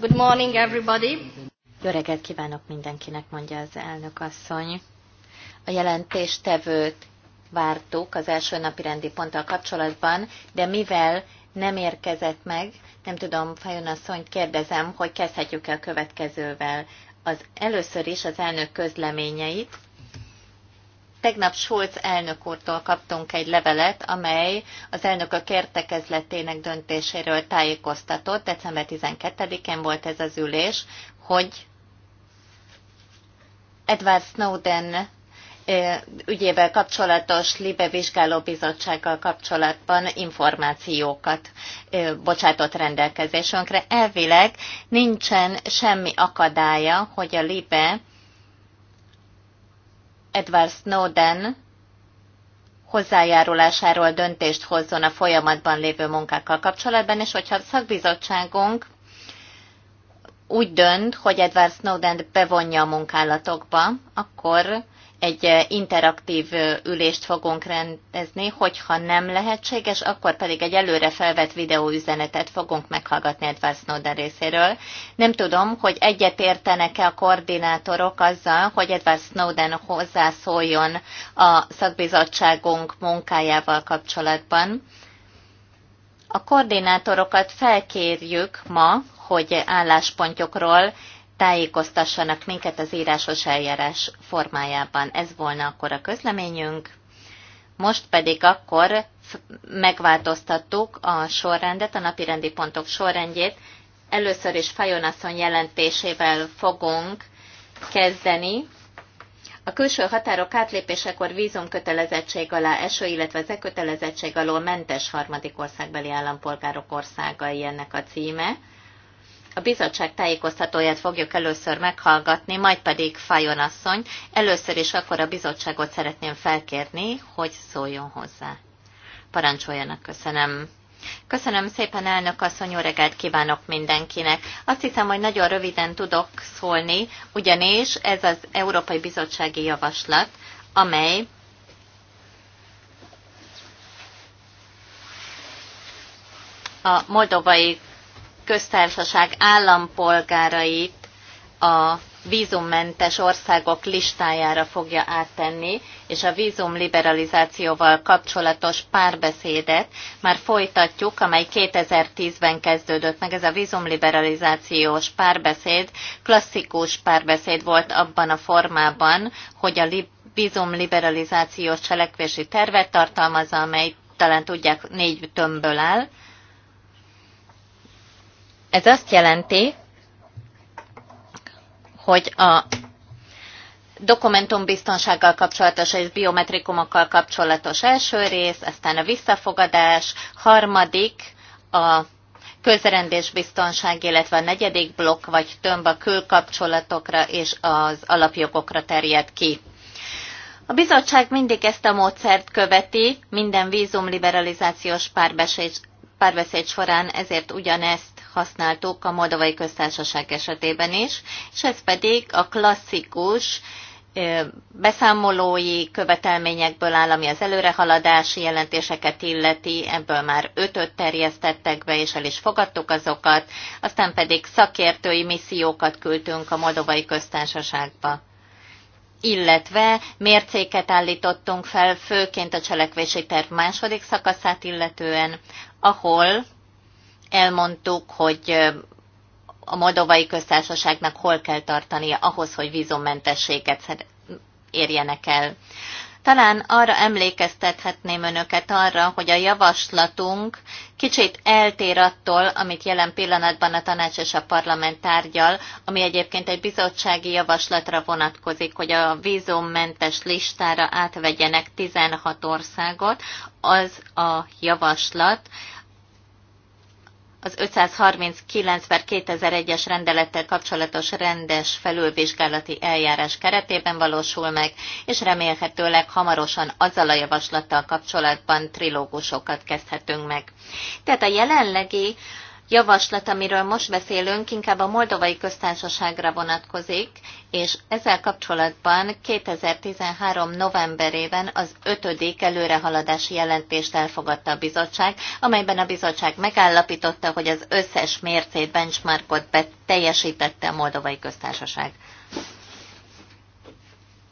Good morning, everybody. Jó reggelt kívánok mindenkinek, mondja az elnök asszony. A jelentéstevőt vártuk az első napi rendi ponttal kapcsolatban, de mivel nem érkezett meg, nem tudom, Fajon asszony, kérdezem, hogy kezdhetjük el következővel. Az először is az elnök közleményeit, Tegnap Scholz elnök úrtól kaptunk egy levelet, amely az elnökök értekezletének döntéséről tájékoztatott. December 12-én volt ez az ülés, hogy Edward Snowden ügyével kapcsolatos Libe Bizottsággal kapcsolatban információkat bocsátott rendelkezésünkre. Elvileg nincsen semmi akadálya, hogy a Libe Edward Snowden hozzájárulásáról döntést hozzon a folyamatban lévő munkákkal kapcsolatban, és hogyha a szakbizottságunk úgy dönt, hogy Edward Snowden bevonja a munkálatokba, akkor egy eh, interaktív eh, ülést fogunk rendezni, hogyha nem lehetséges, akkor pedig egy előre felvett videóüzenetet fogunk meghallgatni Edward Snowden részéről. Nem tudom, hogy egyet értenek-e a koordinátorok azzal, hogy Edward Snowden hozzászóljon a szakbizottságunk munkájával kapcsolatban. A koordinátorokat felkérjük ma, hogy álláspontjukról tájékoztassanak minket az írásos eljárás formájában. Ez volna akkor a közleményünk. Most pedig akkor megváltoztattuk a sorrendet, a napirendi pontok sorrendjét. Először is Fajon jelentésével fogunk kezdeni. A külső határok átlépésekor kötelezettség alá eső, illetve az kötelezettség alól mentes harmadik országbeli állampolgárok országai ennek a címe. A bizottság tájékoztatóját fogjuk először meghallgatni, majd pedig Fajon asszony. Először is akkor a bizottságot szeretném felkérni, hogy szóljon hozzá. Parancsoljanak, köszönöm. Köszönöm szépen, elnök asszony, jó reggelt kívánok mindenkinek. Azt hiszem, hogy nagyon röviden tudok szólni, ugyanis ez az Európai Bizottsági Javaslat, amely a moldovai köztársaság állampolgárait a vízummentes országok listájára fogja áttenni, és a vízum liberalizációval kapcsolatos párbeszédet már folytatjuk, amely 2010-ben kezdődött meg. Ez a vízumliberalizációs párbeszéd klasszikus párbeszéd volt abban a formában, hogy a vízumliberalizációs cselekvési tervet tartalmazza, amely talán tudják négy tömbből áll, ez azt jelenti, hogy a dokumentumbiztonsággal kapcsolatos és biometrikumokkal kapcsolatos első rész, aztán a visszafogadás, harmadik a közrendésbiztonság, illetve a negyedik blokk vagy tömb a külkapcsolatokra és az alapjogokra terjed ki. A bizottság mindig ezt a módszert követi, minden vízumliberalizációs párbeszéd, párbeszéd során ezért ugyanezt használtuk a Moldovai Köztársaság esetében is, és ez pedig a klasszikus beszámolói követelményekből áll, ami az előrehaladási jelentéseket illeti, ebből már ötöt terjesztettek be, és el is fogadtuk azokat, aztán pedig szakértői missziókat küldtünk a Moldovai Köztársaságba illetve mércéket állítottunk fel, főként a cselekvési terv második szakaszát illetően, ahol elmondtuk, hogy a Moldovai Köztársaságnak hol kell tartania ahhoz, hogy vízummentességet érjenek el. Talán arra emlékeztethetném önöket arra, hogy a javaslatunk kicsit eltér attól, amit jelen pillanatban a tanács és a parlament tárgyal, ami egyébként egy bizottsági javaslatra vonatkozik, hogy a vízummentes listára átvegyenek 16 országot. Az a javaslat, az 539 per 2001-es rendelettel kapcsolatos rendes felülvizsgálati eljárás keretében valósul meg, és remélhetőleg hamarosan azzal a javaslattal kapcsolatban trilógusokat kezdhetünk meg. Tehát a jelenlegi javaslat, amiről most beszélünk, inkább a Moldovai Köztársaságra vonatkozik, és ezzel kapcsolatban 2013. novemberében az ötödik előrehaladási jelentést elfogadta a bizottság, amelyben a bizottság megállapította, hogy az összes mércét, benchmarkot be teljesítette a Moldovai Köztársaság.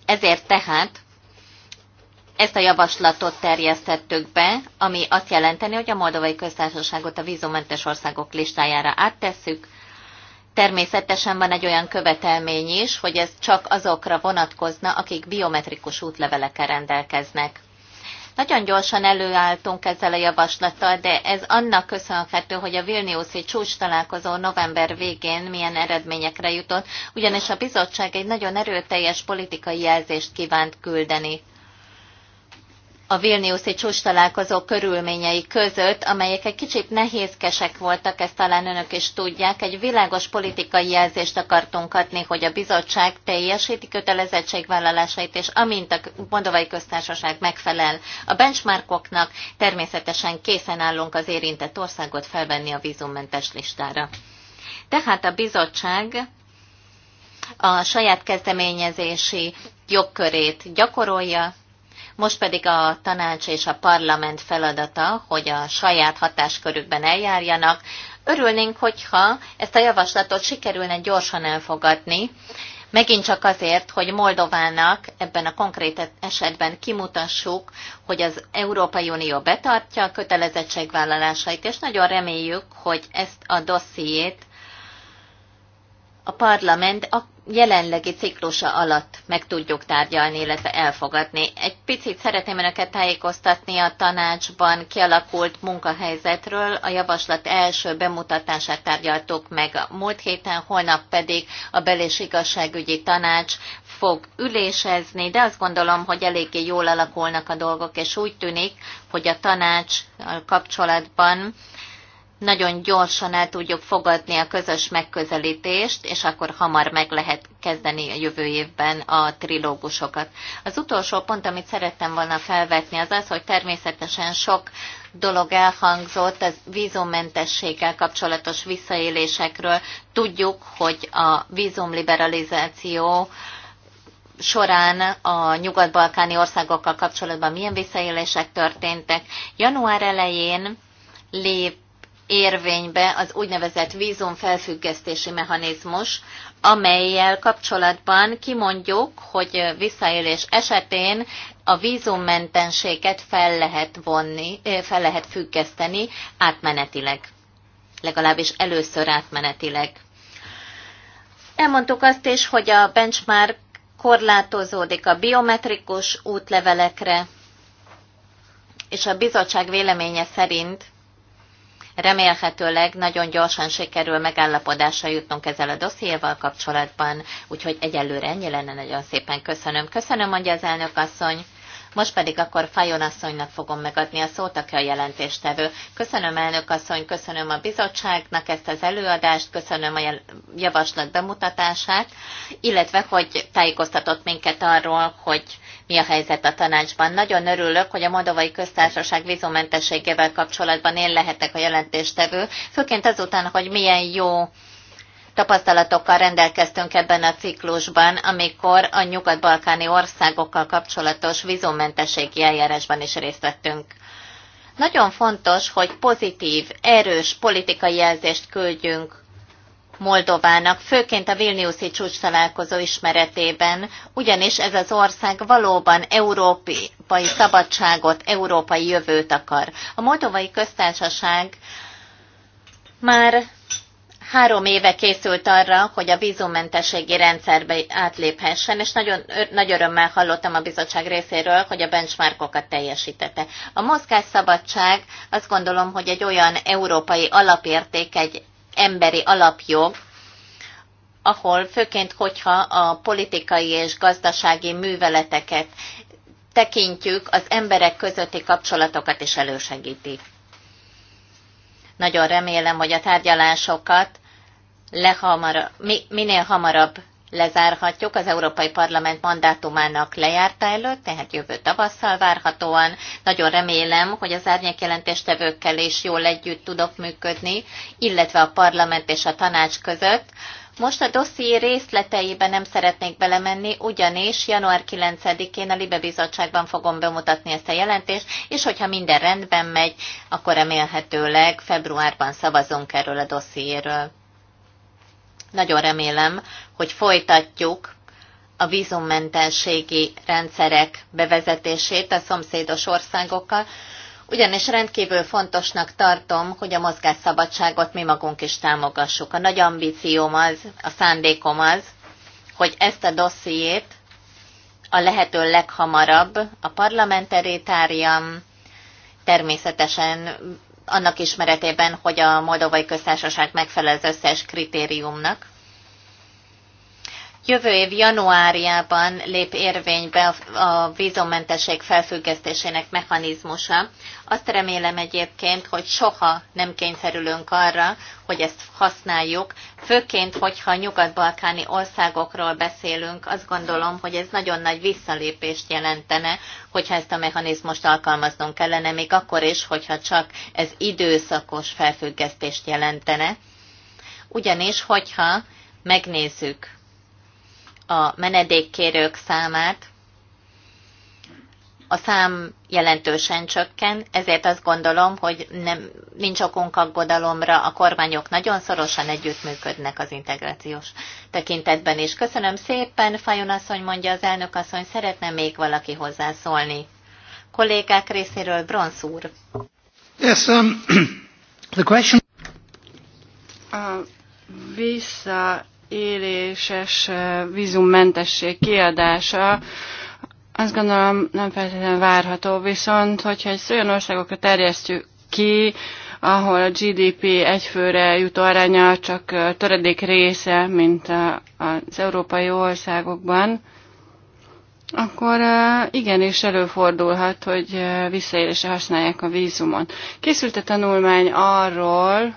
Ezért tehát ezt a javaslatot terjesztettük be, ami azt jelenteni, hogy a Moldovai Köztársaságot a vízumentes országok listájára áttesszük. Természetesen van egy olyan követelmény is, hogy ez csak azokra vonatkozna, akik biometrikus útlevelekkel rendelkeznek. Nagyon gyorsan előálltunk ezzel a javaslattal, de ez annak köszönhető, hogy a Vilniuszi csúcs találkozó november végén milyen eredményekre jutott, ugyanis a bizottság egy nagyon erőteljes politikai jelzést kívánt küldeni a Vilniuszi csúcs találkozó körülményei között, amelyek egy kicsit nehézkesek voltak, ezt talán önök is tudják, egy világos politikai jelzést akartunk adni, hogy a bizottság teljesíti kötelezettségvállalásait, és amint a Moldovai Köztársaság megfelel a benchmarkoknak, természetesen készen állunk az érintett országot felvenni a vízummentes listára. Tehát a bizottság a saját kezdeményezési jogkörét gyakorolja, most pedig a tanács és a parlament feladata, hogy a saját hatáskörükben eljárjanak. Örülnénk, hogyha ezt a javaslatot sikerülne gyorsan elfogadni, megint csak azért, hogy Moldovának ebben a konkrét esetben kimutassuk, hogy az Európai Unió betartja a kötelezettségvállalásait, és nagyon reméljük, hogy ezt a dossziét a parlament a jelenlegi ciklusa alatt meg tudjuk tárgyalni, illetve elfogadni. Egy picit szeretném Önöket tájékoztatni a tanácsban kialakult munkahelyzetről. A javaslat első bemutatását tárgyaltuk meg a múlt héten, holnap pedig a bel- és igazságügyi tanács fog ülésezni, de azt gondolom, hogy eléggé jól alakulnak a dolgok, és úgy tűnik, hogy a tanács kapcsolatban nagyon gyorsan el tudjuk fogadni a közös megközelítést, és akkor hamar meg lehet kezdeni a jövő évben a trilógusokat. Az utolsó pont, amit szerettem volna felvetni, az az, hogy természetesen sok dolog elhangzott az vízummentességgel kapcsolatos visszaélésekről. Tudjuk, hogy a vízumliberalizáció során a nyugat-balkáni országokkal kapcsolatban milyen visszaélések történtek. Január elején lép érvénybe az úgynevezett vízum felfüggesztési mechanizmus, amelyel kapcsolatban kimondjuk, hogy visszaélés esetén a vízummentenséget fel lehet vonni, fel lehet függeszteni átmenetileg. Legalábbis először átmenetileg. Elmondtuk azt is, hogy a benchmark korlátozódik a biometrikus útlevelekre, és a bizottság véleménye szerint Remélhetőleg nagyon gyorsan sikerül megállapodásra jutnunk ezzel a dossziéval kapcsolatban, úgyhogy egyelőre ennyi lenne, nagyon szépen köszönöm. Köszönöm, mondja az elnök asszony. Most pedig akkor Fajon asszonynak fogom megadni a szót, aki a jelentéstevő. Köszönöm elnök asszony, köszönöm a bizottságnak ezt az előadást, köszönöm a javaslat bemutatását, illetve hogy tájékoztatott minket arról, hogy mi a helyzet a tanácsban. Nagyon örülök, hogy a Moldovai Köztársaság vízumentességével kapcsolatban én lehetek a jelentéstevő, főként azután, hogy milyen jó tapasztalatokkal rendelkeztünk ebben a ciklusban, amikor a nyugat-balkáni országokkal kapcsolatos vízumentességi eljárásban is részt vettünk. Nagyon fontos, hogy pozitív, erős politikai jelzést küldjünk Moldovának, főként a Vilniuszi csúcs találkozó ismeretében, ugyanis ez az ország valóban európai szabadságot, európai jövőt akar. A Moldovai Köztársaság már három éve készült arra, hogy a vízummentességi rendszerbe átléphessen, és nagyon nagy örömmel hallottam a bizottság részéről, hogy a benchmarkokat teljesítette. A mozgásszabadság azt gondolom, hogy egy olyan európai alapérték, egy emberi alapjog, ahol főként, hogyha a politikai és gazdasági műveleteket tekintjük, az emberek közötti kapcsolatokat is elősegíti. Nagyon remélem, hogy a tárgyalásokat lehamar, minél hamarabb lezárhatjuk. Az Európai Parlament mandátumának lejárta előtt, tehát jövő tavasszal várhatóan. Nagyon remélem, hogy az árnyékjelentéstevőkkel is jól együtt tudok működni, illetve a parlament és a tanács között. Most a dosszié részleteiben nem szeretnék belemenni, ugyanis január 9-én a Libe Bizottságban fogom bemutatni ezt a jelentést, és hogyha minden rendben megy, akkor remélhetőleg februárban szavazunk erről a dossziéről. Nagyon remélem, hogy folytatjuk a vízummentességi rendszerek bevezetését a szomszédos országokkal, ugyanis rendkívül fontosnak tartom, hogy a mozgásszabadságot mi magunk is támogassuk. A nagy ambícióm az, a szándékom az, hogy ezt a dossziét a lehető leghamarabb a parlament tárjam, természetesen annak ismeretében, hogy a Moldovai Köztársaság megfelel az összes kritériumnak. Jövő év januárjában lép érvénybe a vízummentesség felfüggesztésének mechanizmusa. Azt remélem egyébként, hogy soha nem kényszerülünk arra, hogy ezt használjuk, főként, hogyha nyugat-balkáni országokról beszélünk, azt gondolom, hogy ez nagyon nagy visszalépést jelentene, hogyha ezt a mechanizmust alkalmaznunk kellene, még akkor is, hogyha csak ez időszakos felfüggesztést jelentene. Ugyanis, hogyha megnézzük a menedékkérők számát, a szám jelentősen csökken, ezért azt gondolom, hogy nem, nincs okunk aggodalomra, a kormányok nagyon szorosan együttműködnek az integrációs tekintetben is. Köszönöm szépen, Fajon asszony mondja az elnök asszony, szeretne még valaki hozzászólni. Kollégák részéről Bronsz úr. Yes, um, the question... A vissza éléses vízummentesség kiadása, azt gondolom nem feltétlenül várható, viszont hogyha egy olyan országokra terjesztjük ki, ahol a GDP egyfőre jutó aránya csak töredék része, mint az európai országokban, akkor igenis előfordulhat, hogy visszaélésre használják a vízumot. Készült a tanulmány arról,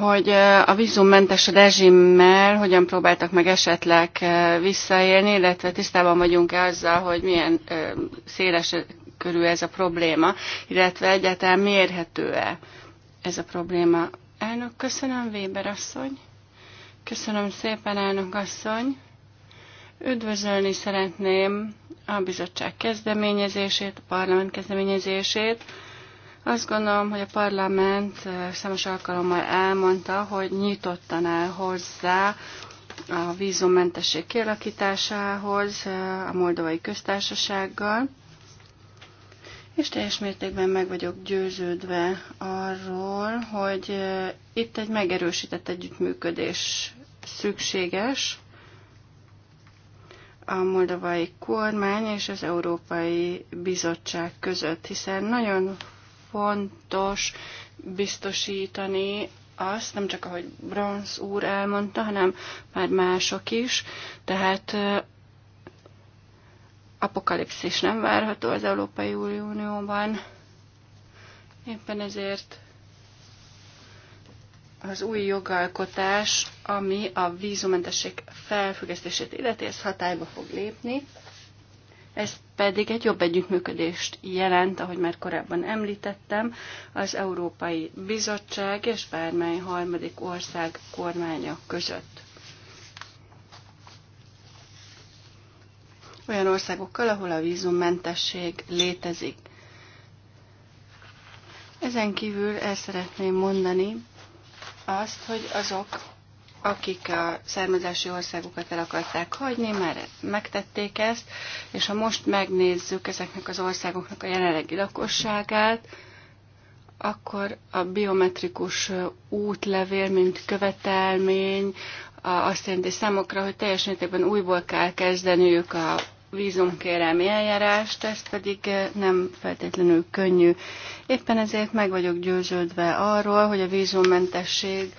hogy a vízummentes rezsimmel hogyan próbáltak meg esetleg visszaélni, illetve tisztában vagyunk-e azzal, hogy milyen széles körül ez a probléma, illetve egyáltalán mérhető-e ez a probléma. Elnök, köszönöm, Weber asszony. Köszönöm szépen, elnök asszony. Üdvözölni szeretném a bizottság kezdeményezését, a parlament kezdeményezését, azt gondolom, hogy a parlament számos alkalommal elmondta, hogy nyitottan el hozzá a vízummentesség kialakításához a Moldovai Köztársasággal, és teljes mértékben meg vagyok győződve arról, hogy itt egy megerősített együttműködés szükséges a moldovai kormány és az Európai Bizottság között, hiszen nagyon fontos biztosítani azt, nem csak ahogy Bronz úr elmondta, hanem már mások is, tehát apokalipszis nem várható az Európai Unióban. Éppen ezért az új jogalkotás, ami a vízumentesség felfüggesztését illeti, ez hatályba fog lépni. Ezt pedig egy jobb együttműködést jelent, ahogy már korábban említettem, az Európai Bizottság és bármely harmadik ország kormánya között. Olyan országokkal, ahol a vízummentesség létezik. Ezen kívül el szeretném mondani azt, hogy azok akik a származási országukat el akarták hagyni, már megtették ezt, és ha most megnézzük ezeknek az országoknak a jelenlegi lakosságát, akkor a biometrikus útlevél, mint követelmény, azt jelenti számokra, hogy teljes mértékben újból kell kezdeniük a vízumkérelmi eljárást, ez pedig eh, nem feltétlenül könnyű. Éppen ezért meg vagyok győződve arról, hogy a vízummentesség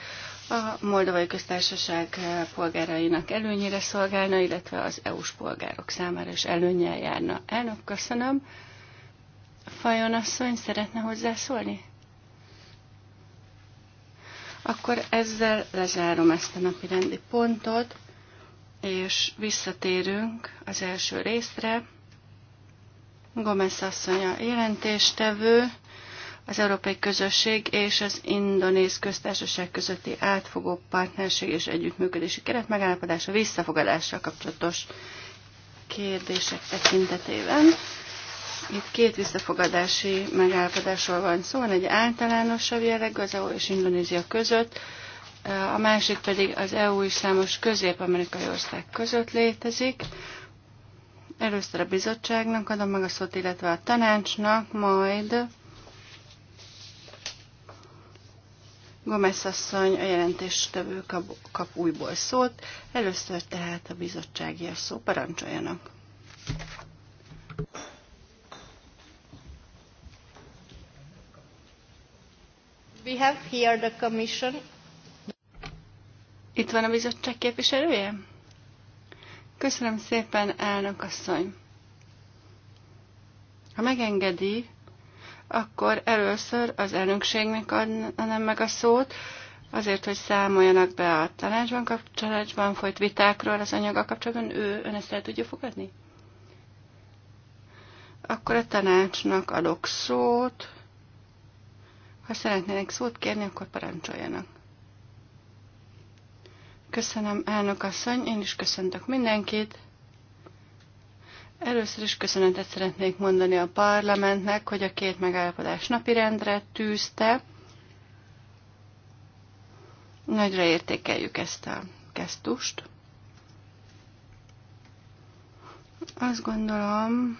a Moldovai Köztársaság polgárainak előnyére szolgálna, illetve az EU-s polgárok számára is előnyel járna. Elnök, köszönöm. Fajon asszony szeretne hozzászólni? Akkor ezzel lezárom ezt a napi rendi pontot, és visszatérünk az első részre. Gomez asszony a jelentéstevő az Európai Közösség és az Indonéz Köztársaság közötti átfogó partnerség és együttműködési keret megállapodása visszafogadással kapcsolatos kérdések tekintetében. Itt két visszafogadási megállapodásról van szó, van egy általánosabb jelleg, az EU és Indonézia között, a másik pedig az EU és számos közép-amerikai ország között létezik. Először a bizottságnak adom meg a szót, illetve a tanácsnak, majd Gomez asszony, a jelentéstevő kap, kap újból szót. Először tehát a bizottsági a szó. Parancsoljanak! We have here the commission. Itt van a bizottság képviselője? Köszönöm szépen, elnök asszony. Ha megengedi, akkor először az elnökségnek adnám meg a szót, azért, hogy számoljanak be a tanácsban, kapcsolatban folyt vitákról az anyaga kapcsolatban. Ő ön ezt el tudja fogadni? Akkor a tanácsnak adok szót. Ha szeretnének szót kérni, akkor parancsoljanak. Köszönöm, elnök asszony, én is köszöntök mindenkit. Először is köszönetet szeretnék mondani a parlamentnek, hogy a két megállapodás napirendre tűzte. Nagyra értékeljük ezt a kesztust. Azt gondolom,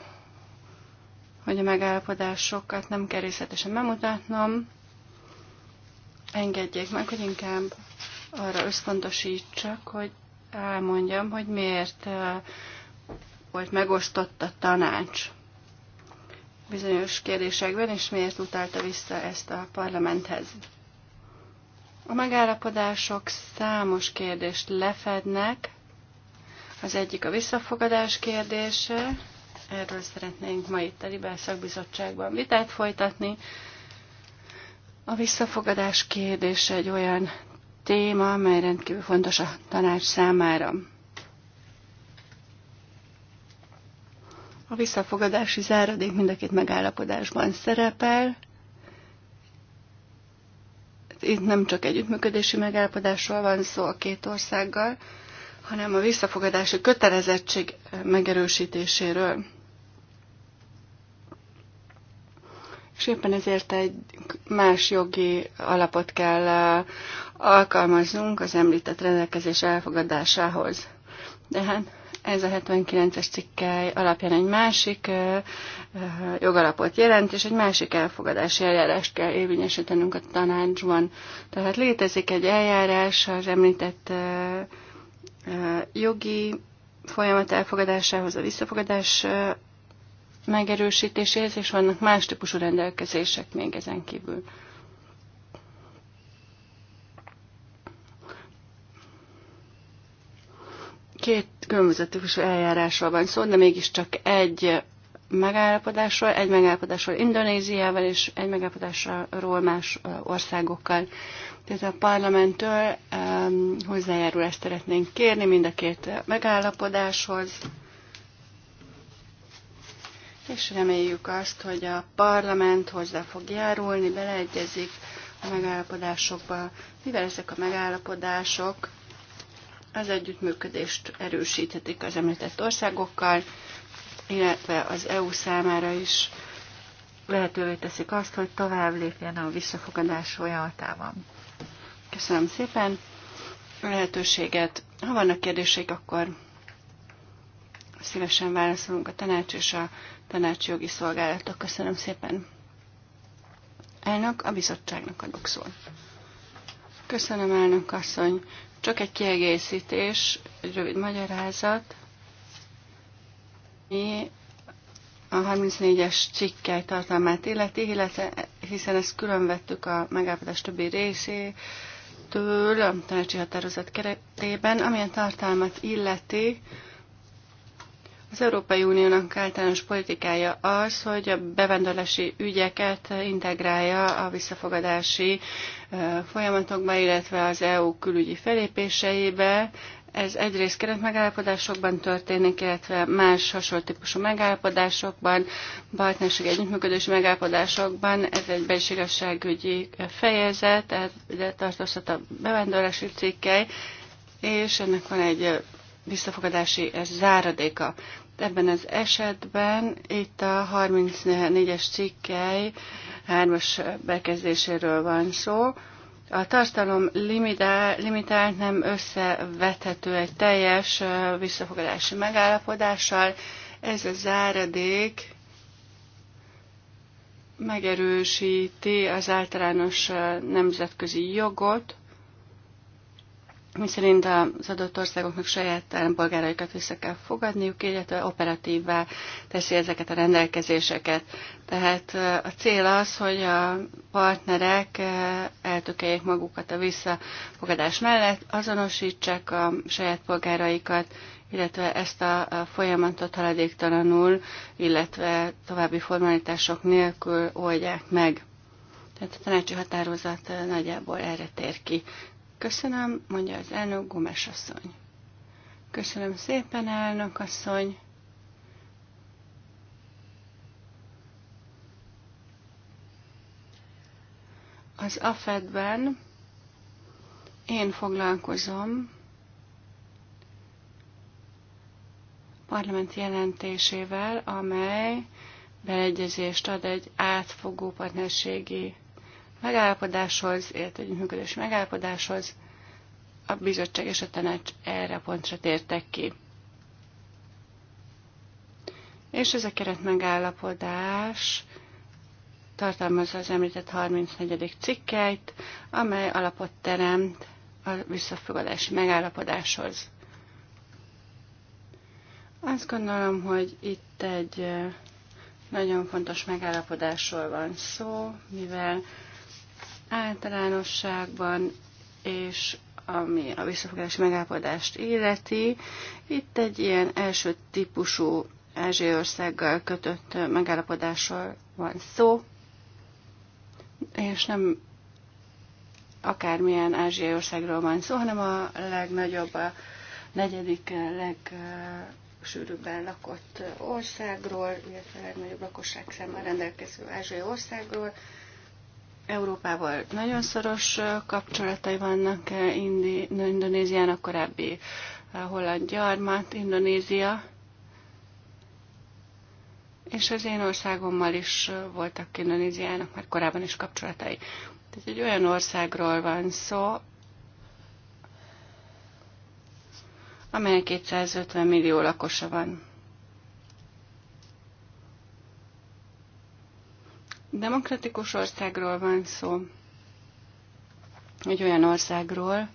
hogy a megállapodásokat nem kell részletesen bemutatnom. Engedjék meg, hogy inkább arra összpontosítsak, hogy elmondjam, hogy miért volt megosztott a tanács bizonyos kérdésekben, és miért utálta vissza ezt a parlamenthez. A megállapodások számos kérdést lefednek. Az egyik a visszafogadás kérdése, erről szeretnénk ma itt a Libel szakbizottságban vitát folytatni. A visszafogadás kérdése egy olyan téma, amely rendkívül fontos a tanács számára. A visszafogadási záradék mind a két megállapodásban szerepel. Itt nem csak együttműködési megállapodásról van szó a két országgal, hanem a visszafogadási kötelezettség megerősítéséről. És éppen ezért egy más jogi alapot kell uh, alkalmaznunk az említett rendelkezés elfogadásához. De hát ez a 79-es cikkely alapján egy másik jogalapot jelent, és egy másik elfogadási eljárást kell érvényesítenünk a tanácsban. Tehát létezik egy eljárás az említett jogi folyamat elfogadásához, a visszafogadás megerősítéséhez, és vannak más típusú rendelkezések még ezen kívül. Két különböző típusú eljárásról van szó, de mégiscsak egy megállapodásról, egy megállapodásról Indonéziával és egy megállapodásról más országokkal. Tehát a parlamenttől um, hozzájárulást szeretnénk kérni mind a két megállapodáshoz, és reméljük azt, hogy a parlament hozzá fog járulni, beleegyezik a megállapodásokba, mivel ezek a megállapodások az együttműködést erősíthetik az említett országokkal, illetve az EU számára is lehetővé teszik azt, hogy tovább lépjen a visszafogadás folyamatában. Köszönöm szépen a lehetőséget. Ha vannak kérdéseik, akkor szívesen válaszolunk a tanács és a tanácsi jogi szolgálatok. Köszönöm szépen. Elnök, a bizottságnak adok szót. Köszönöm, elnök asszony. Csak egy kiegészítés, egy rövid magyarázat. Mi a 34-es cikkely tartalmát illeti, hiszen ezt különvettük a megállapodás többi részétől a tanácsi határozat keretében, amilyen tartalmat illeti, az Európai Uniónak általános politikája az, hogy a bevándorlási ügyeket integrálja a visszafogadási folyamatokba, illetve az EU külügyi felépéseibe. Ez egyrészt keretmegállapodásokban történik, illetve más hasonló típusú megállapodásokban, partnerség együttműködési megállapodásokban. Ez egy belségességügyi fejezet, tehát ide tartozhat a bevándorlási cikkely, és ennek van egy visszafogadási záradéka. Ebben az esetben itt a 34-es cikkely 3-as bekezdéséről van szó. A tartalom limitált, limitált nem összevethető egy teljes visszafogadási megállapodással. Ez a záradék megerősíti az általános nemzetközi jogot, miszerint az adott országoknak saját állampolgáraikat vissza kell fogadniuk, illetve operatívvá teszi ezeket a rendelkezéseket. Tehát a cél az, hogy a partnerek eltökeljék magukat a visszafogadás mellett, azonosítsák a saját polgáraikat, illetve ezt a folyamatot haladéktalanul, illetve további formalitások nélkül oldják meg. Tehát a tanácsi határozat nagyjából erre tér ki. Köszönöm, mondja az elnök Gomes asszony. Köszönöm szépen, elnök asszony. Az AFED-ben én foglalkozom parlament jelentésével, amely beegyezést ad egy átfogó partnerségi megállapodáshoz, illetve együttműködési megállapodáshoz, a bizottság és a tanács erre a pontra tértek ki. És ez a keret megállapodás tartalmazza az említett 34. cikkeit, amely alapot teremt a visszafogadási megállapodáshoz. Azt gondolom, hogy itt egy eh, nagyon fontos megállapodásról van szó, mivel általánosságban, és ami a visszafogási megállapodást illeti. Itt egy ilyen első típusú országgal kötött megállapodásról van szó, és nem akármilyen ázsiai országról van szó, hanem a legnagyobb, a negyedik legsűrűbben lakott országról, illetve a legnagyobb lakosság számmal rendelkező ázsiai országról, Európával nagyon szoros kapcsolatai vannak Indi, Indonéziának, korábbi holland gyarmat, Indonézia, és az én országommal is voltak Indonéziának már korábban is kapcsolatai. Tehát egy olyan országról van szó, amelynek 250 millió lakosa van. demokratikus országról van szó, egy olyan országról,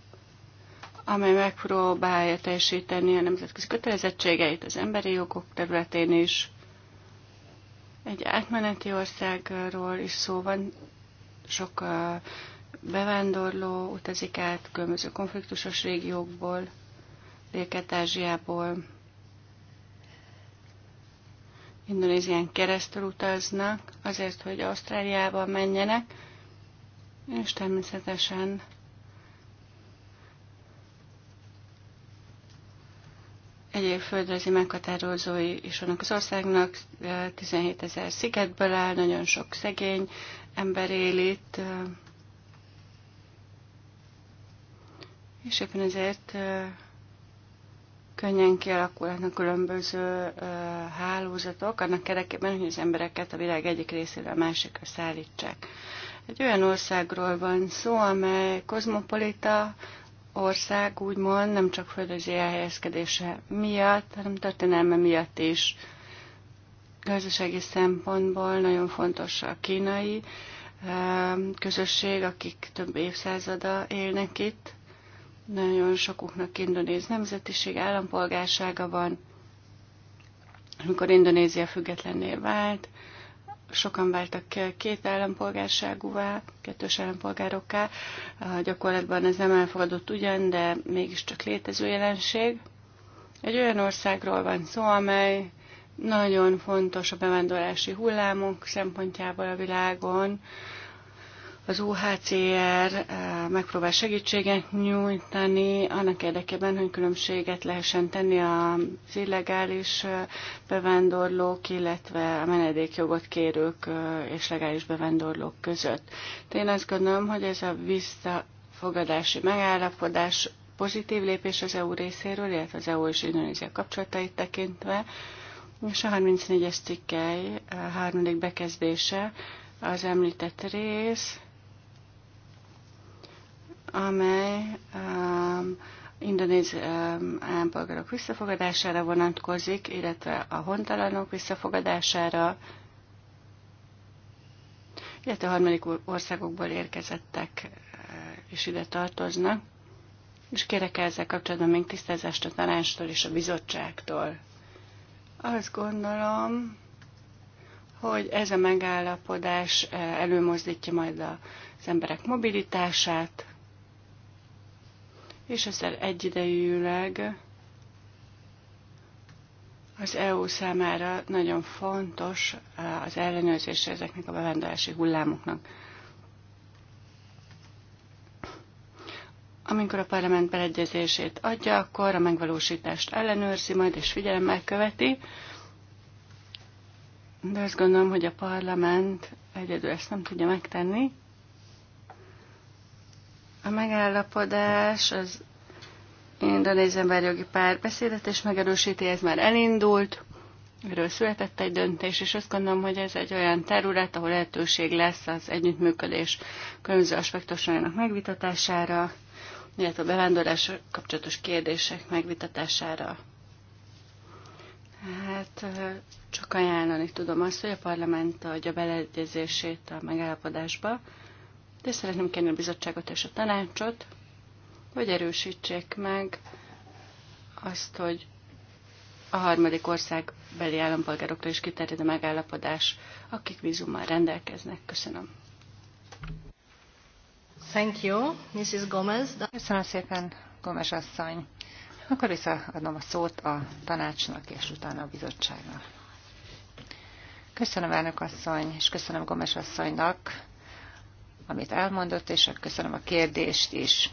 amely megpróbálja teljesíteni a nemzetközi kötelezettségeit az emberi jogok területén is. Egy átmeneti országról is szó van, sok bevándorló utazik át különböző konfliktusos régiókból, Délkelet-Ázsiából, Indonézián keresztül utaznak, azért, hogy Ausztráliába menjenek, és természetesen egyéb földrajzi meghatározói is vannak az országnak, 17 ezer szigetből áll, nagyon sok szegény ember él itt, és éppen ezért könnyen kialakulhatnak különböző ö, hálózatok, annak érdekében, hogy az embereket a világ egyik részéről a másikra szállítsák. Egy olyan országról van szó, amely kozmopolita ország, úgymond, nem csak földrajzi elhelyezkedése miatt, hanem történelme miatt is. Gazdasági szempontból nagyon fontos a kínai közösség, akik több évszázada élnek itt nagyon sokuknak indonéz nemzetiség, állampolgársága van. Amikor Indonézia függetlenné vált, sokan váltak két állampolgárságúvá, kettős állampolgárokká. gyakorlatban ez nem elfogadott ugyan, de mégiscsak létező jelenség. Egy olyan országról van szó, amely nagyon fontos a bevándorlási hullámok szempontjából a világon, az UHCR eh, megpróbál segítséget nyújtani annak érdekében, hogy különbséget lehessen tenni az illegális eh, bevándorlók, illetve a menedékjogot kérők eh, és legális bevándorlók között. De én azt gondolom, hogy ez a visszafogadási megállapodás pozitív lépés az EU részéről, illetve az EU és Indonézia kapcsolatait tekintve, és a 34-es cikkely, a harmadik bekezdése, az említett rész amely um, indonéz um, állampolgárok visszafogadására vonatkozik, illetve a hontalanok visszafogadására, illetve a harmadik országokból érkezettek és uh, ide tartoznak. És kérek ezzel kapcsolatban még tisztázást a tanástól és a bizottságtól. Azt gondolom, hogy ez a megállapodás uh, előmozdítja majd az emberek mobilitását, és ezzel egyidejűleg az EU számára nagyon fontos eh, az ellenőrzése ezeknek a bevándorlási hullámoknak. Amikor a parlament beleegyezését adja, akkor a megvalósítást ellenőrzi majd és figyelemmel követi, de azt gondolom, hogy a parlament egyedül ezt nem tudja megtenni. A megállapodás az indonéz emberjogi párbeszédet és megerősíti, ez már elindult, erről született egy döntés, és azt gondolom, hogy ez egy olyan terület, ahol lehetőség lesz az együttműködés különböző aspektusainak megvitatására, illetve a bevándorlás kapcsolatos kérdések megvitatására. Hát csak ajánlani tudom azt, hogy a parlament adja beleegyezését a megállapodásba, de szeretném kérni a bizottságot és a tanácsot, hogy erősítsék meg azt, hogy a harmadik ország beli állampolgárokra is kiterjed a megállapodás, akik vízummal rendelkeznek. Köszönöm. Thank you, Mrs. Gomez. Köszönöm szépen, Gomez asszony. Akkor visszaadom a szót a tanácsnak és utána a bizottságnak. Köszönöm elnök asszony, és köszönöm Gomes asszonynak amit elmondott, és hát köszönöm a kérdést is.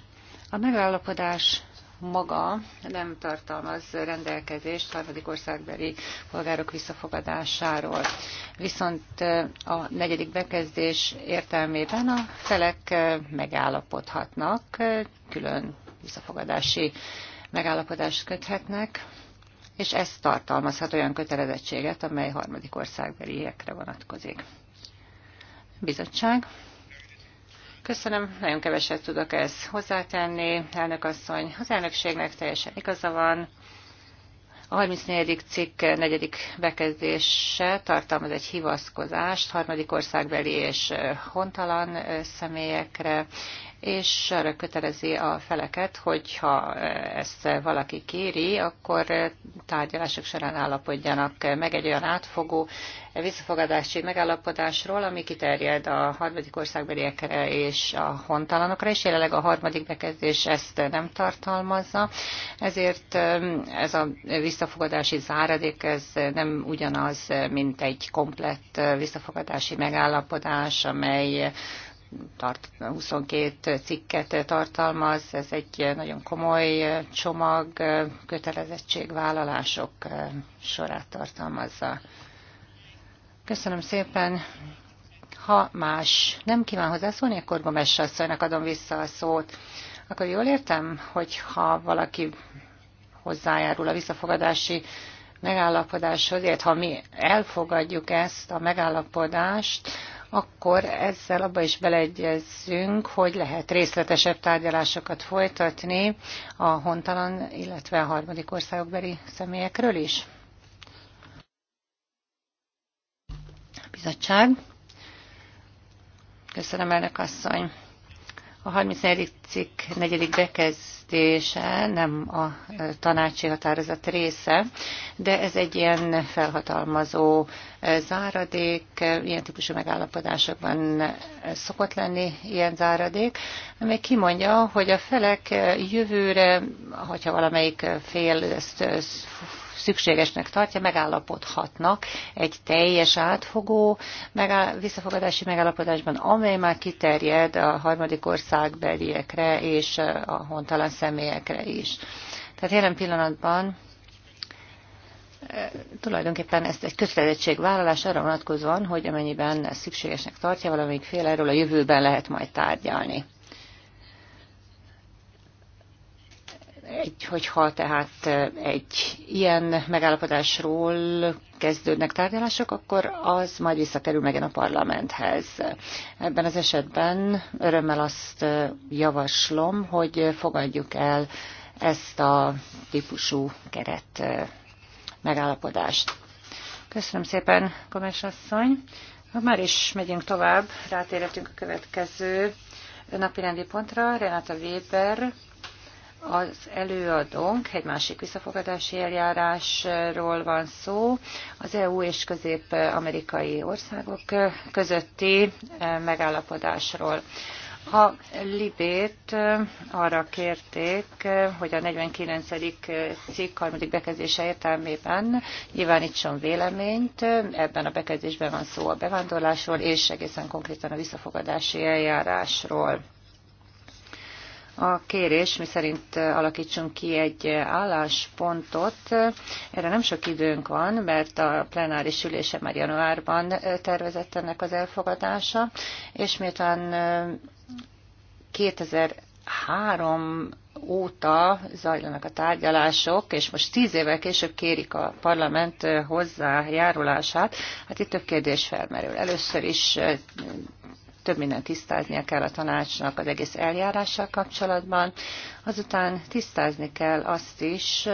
A megállapodás maga nem tartalmaz rendelkezést harmadik országbeli polgárok visszafogadásáról. Viszont a negyedik bekezdés értelmében a felek megállapodhatnak, külön visszafogadási megállapodást köthetnek, és ez tartalmazhat olyan kötelezettséget, amely harmadik országbeliekre vonatkozik. Bizottság. Köszönöm, nagyon keveset tudok ezt hozzátenni, elnök asszony. Az elnökségnek teljesen igaza van. A 34. cikk negyedik bekezdése tartalmaz egy hivaszkozást harmadik országbeli és hontalan személyekre, és arra kötelezi a feleket, hogyha ezt valaki kéri, akkor tárgyalások során állapodjanak meg egy olyan átfogó visszafogadási megállapodásról, ami kiterjed a harmadik országbeliekre és a hontalanokra, és jelenleg a harmadik bekezdés ezt nem tartalmazza, ezért um, ez a visszafogadási záradék ez nem ugyanaz, mint egy komplett uh, visszafogadási megállapodás, amely tart, 22 cikket tartalmaz, ez egy nagyon komoly csomag, kötelezettségvállalások sorát tartalmazza. Köszönöm szépen. Ha más nem kíván hozzászólni, akkor Gomes asszonynak adom vissza a szót. Akkor jól értem, hogy ha valaki hozzájárul a visszafogadási megállapodáshoz, illetve ha mi elfogadjuk ezt a megállapodást, akkor ezzel abba is beleegyezzünk, hogy lehet részletesebb tárgyalásokat folytatni a hontalan, illetve a harmadik országokbeli személyekről is. Bizottság. Köszönöm, elnök asszony. A 34. cikk negyedik bekezdése nem a e, tanácsi határozat része, de ez egy ilyen felhatalmazó záradék, ilyen típusú megállapodásokban szokott lenni ilyen záradék, amely kimondja, hogy a felek jövőre, hogyha valamelyik fél ezt szükségesnek tartja, megállapodhatnak egy teljes átfogó megáll- visszafogadási megállapodásban, amely már kiterjed a harmadik országbeliekre és a hontalan személyekre is. Tehát jelen pillanatban tulajdonképpen ezt egy kötelezettségvállalás arra vonatkozóan, hogy amennyiben szükségesnek tartja valamelyik fél, erről a jövőben lehet majd tárgyalni. Egy, hogyha tehát egy ilyen megállapodásról kezdődnek tárgyalások, akkor az majd visszakerül megint a parlamenthez. Ebben az esetben örömmel azt javaslom, hogy fogadjuk el ezt a típusú keret megállapodást. Köszönöm szépen, Gomes asszony. Már is megyünk tovább, rátérhetünk a következő napirendi pontra. Renata Weber, az előadónk egy másik visszafogadási eljárásról van szó, az EU és közép-amerikai országok közötti megállapodásról. Ha Libét arra kérték, hogy a 49. cikk harmadik bekezdése értelmében nyilvánítson véleményt. Ebben a bekezdésben van szó a bevándorlásról és egészen konkrétan a visszafogadási eljárásról a kérés, mi szerint eh, alakítsunk ki egy eh, álláspontot. Erre nem sok időnk van, mert a plenáris ülése már januárban eh, tervezett ennek az elfogadása, és miután 2003 óta zajlanak a tárgyalások, és most tíz évvel később kérik a parlament hozzájárulását, hát itt több kérdés felmerül. Először is több mindent tisztáznia kell a tanácsnak az egész eljárással kapcsolatban. Azután tisztázni kell azt is,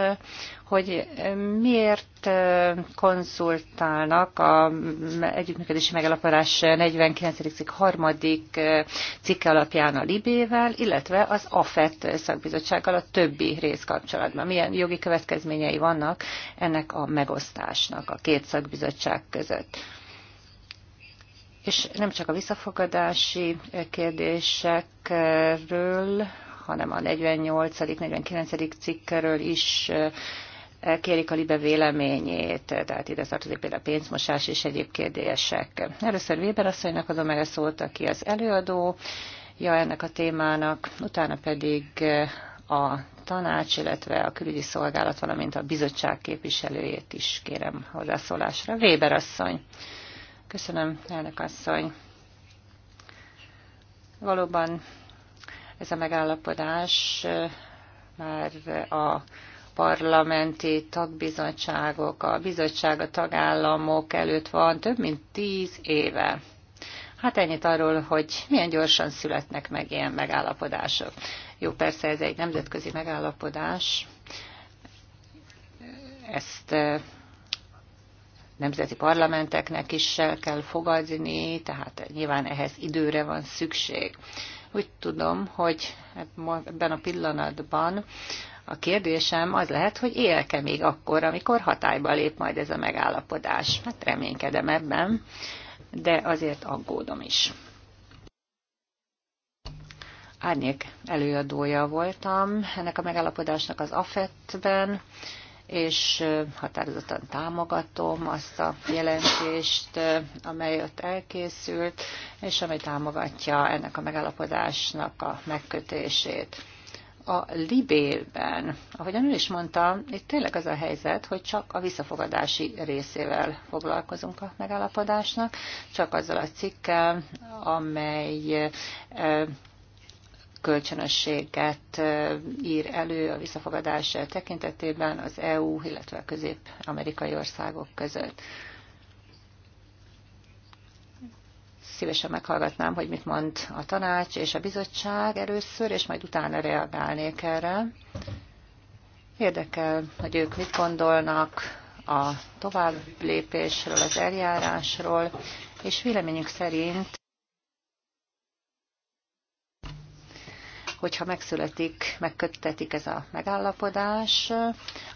hogy miért konzultálnak a együttműködési megalapodás 49. cikk harmadik cikke alapján a Libével, illetve az AFET szakbizottsággal a többi rész kapcsolatban. Milyen jogi következményei vannak ennek a megosztásnak a két szakbizottság között és nem csak a visszafogadási eh, kérdésekről, hanem a 48. 49. cikkről is eh, kérik a libe véleményét, tehát ide tartozik például a pénzmosás és egyéb kérdések. Először Weber asszonynak adom meg a szót, aki az ja ennek a témának, utána pedig eh, a tanács, illetve a külügyi szolgálat, valamint a bizottság képviselőjét is kérem hozzászólásra. Weber asszony. Köszönöm, elnök asszony. Valóban ez a megállapodás már a parlamenti tagbizottságok, a bizottság a tagállamok előtt van több mint tíz éve. Hát ennyit arról, hogy milyen gyorsan születnek meg ilyen megállapodások. Jó, persze ez egy nemzetközi megállapodás, ezt nemzeti parlamenteknek is el kell fogadni, tehát nyilván ehhez időre van szükség. Úgy tudom, hogy hát ebben a pillanatban a kérdésem az lehet, hogy élke még akkor, amikor hatályba lép majd ez a megállapodás. Hát reménykedem ebben, de azért aggódom is. Árnyék előadója voltam ennek a megállapodásnak az AFET-ben, és határozottan támogatom azt a jelentést, amely ott elkészült, és amely támogatja ennek a megállapodásnak a megkötését a libélben, ahogyan ő is mondta, itt tényleg az a helyzet, hogy csak a visszafogadási részével foglalkozunk a megállapodásnak, csak azzal a cikkel, amely kölcsönösséget ír elő a visszafogadás tekintetében az EU, illetve a közép-amerikai országok között. Szívesen meghallgatnám, hogy mit mond a tanács és a bizottság először, és majd utána reagálnék erre. Érdekel, hogy ők mit gondolnak a tovább lépésről, az eljárásról, és véleményük szerint hogyha megszületik, megköttetik ez a megállapodás,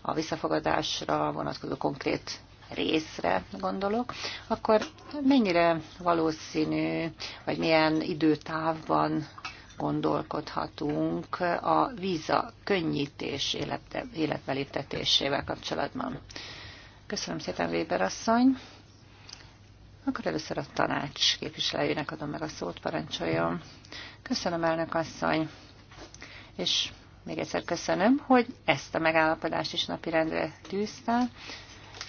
a visszafogadásra vonatkozó konkrét részre gondolok, akkor mennyire valószínű, vagy milyen időtávban gondolkodhatunk a víza könnyítés életbeléptetésével kapcsolatban. Köszönöm szépen, Weber asszony. Akkor először a tanács képviselőjének adom meg a szót, parancsoljon. Köszönöm, elnök asszony és még egyszer köszönöm, hogy ezt a megállapodást is napirendre tűztál.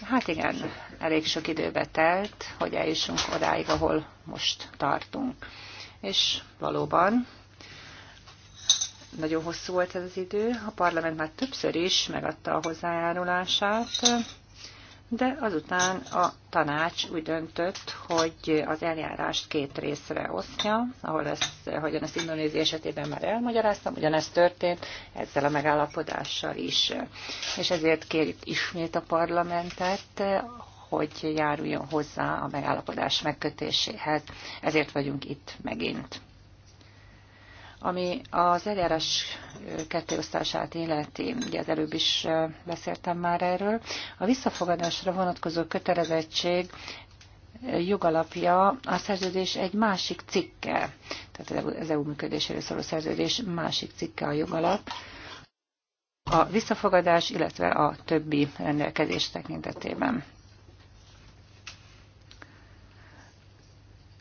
Hát igen, elég sok időbe telt, hogy eljussunk odáig, ahol most tartunk. És valóban nagyon hosszú volt ez az idő. A parlament már többször is megadta a hozzájárulását de azután a tanács úgy döntött, hogy az eljárást két részre osztja, ahol ezt, ahogyan ezt Indonézia esetében már elmagyaráztam, ugyanez történt ezzel a megállapodással is. És ezért kérjük ismét a parlamentet, hogy járuljon hozzá a megállapodás megkötéséhez. Ezért vagyunk itt megint. Ami az eljárás kettőosztását illeti, ugye az előbb is beszéltem már erről, a visszafogadásra vonatkozó kötelezettség jogalapja a szerződés egy másik cikke, tehát az EU e működéséről szóló szerződés másik cikke a jogalap, a visszafogadás, illetve a többi rendelkezés tekintetében.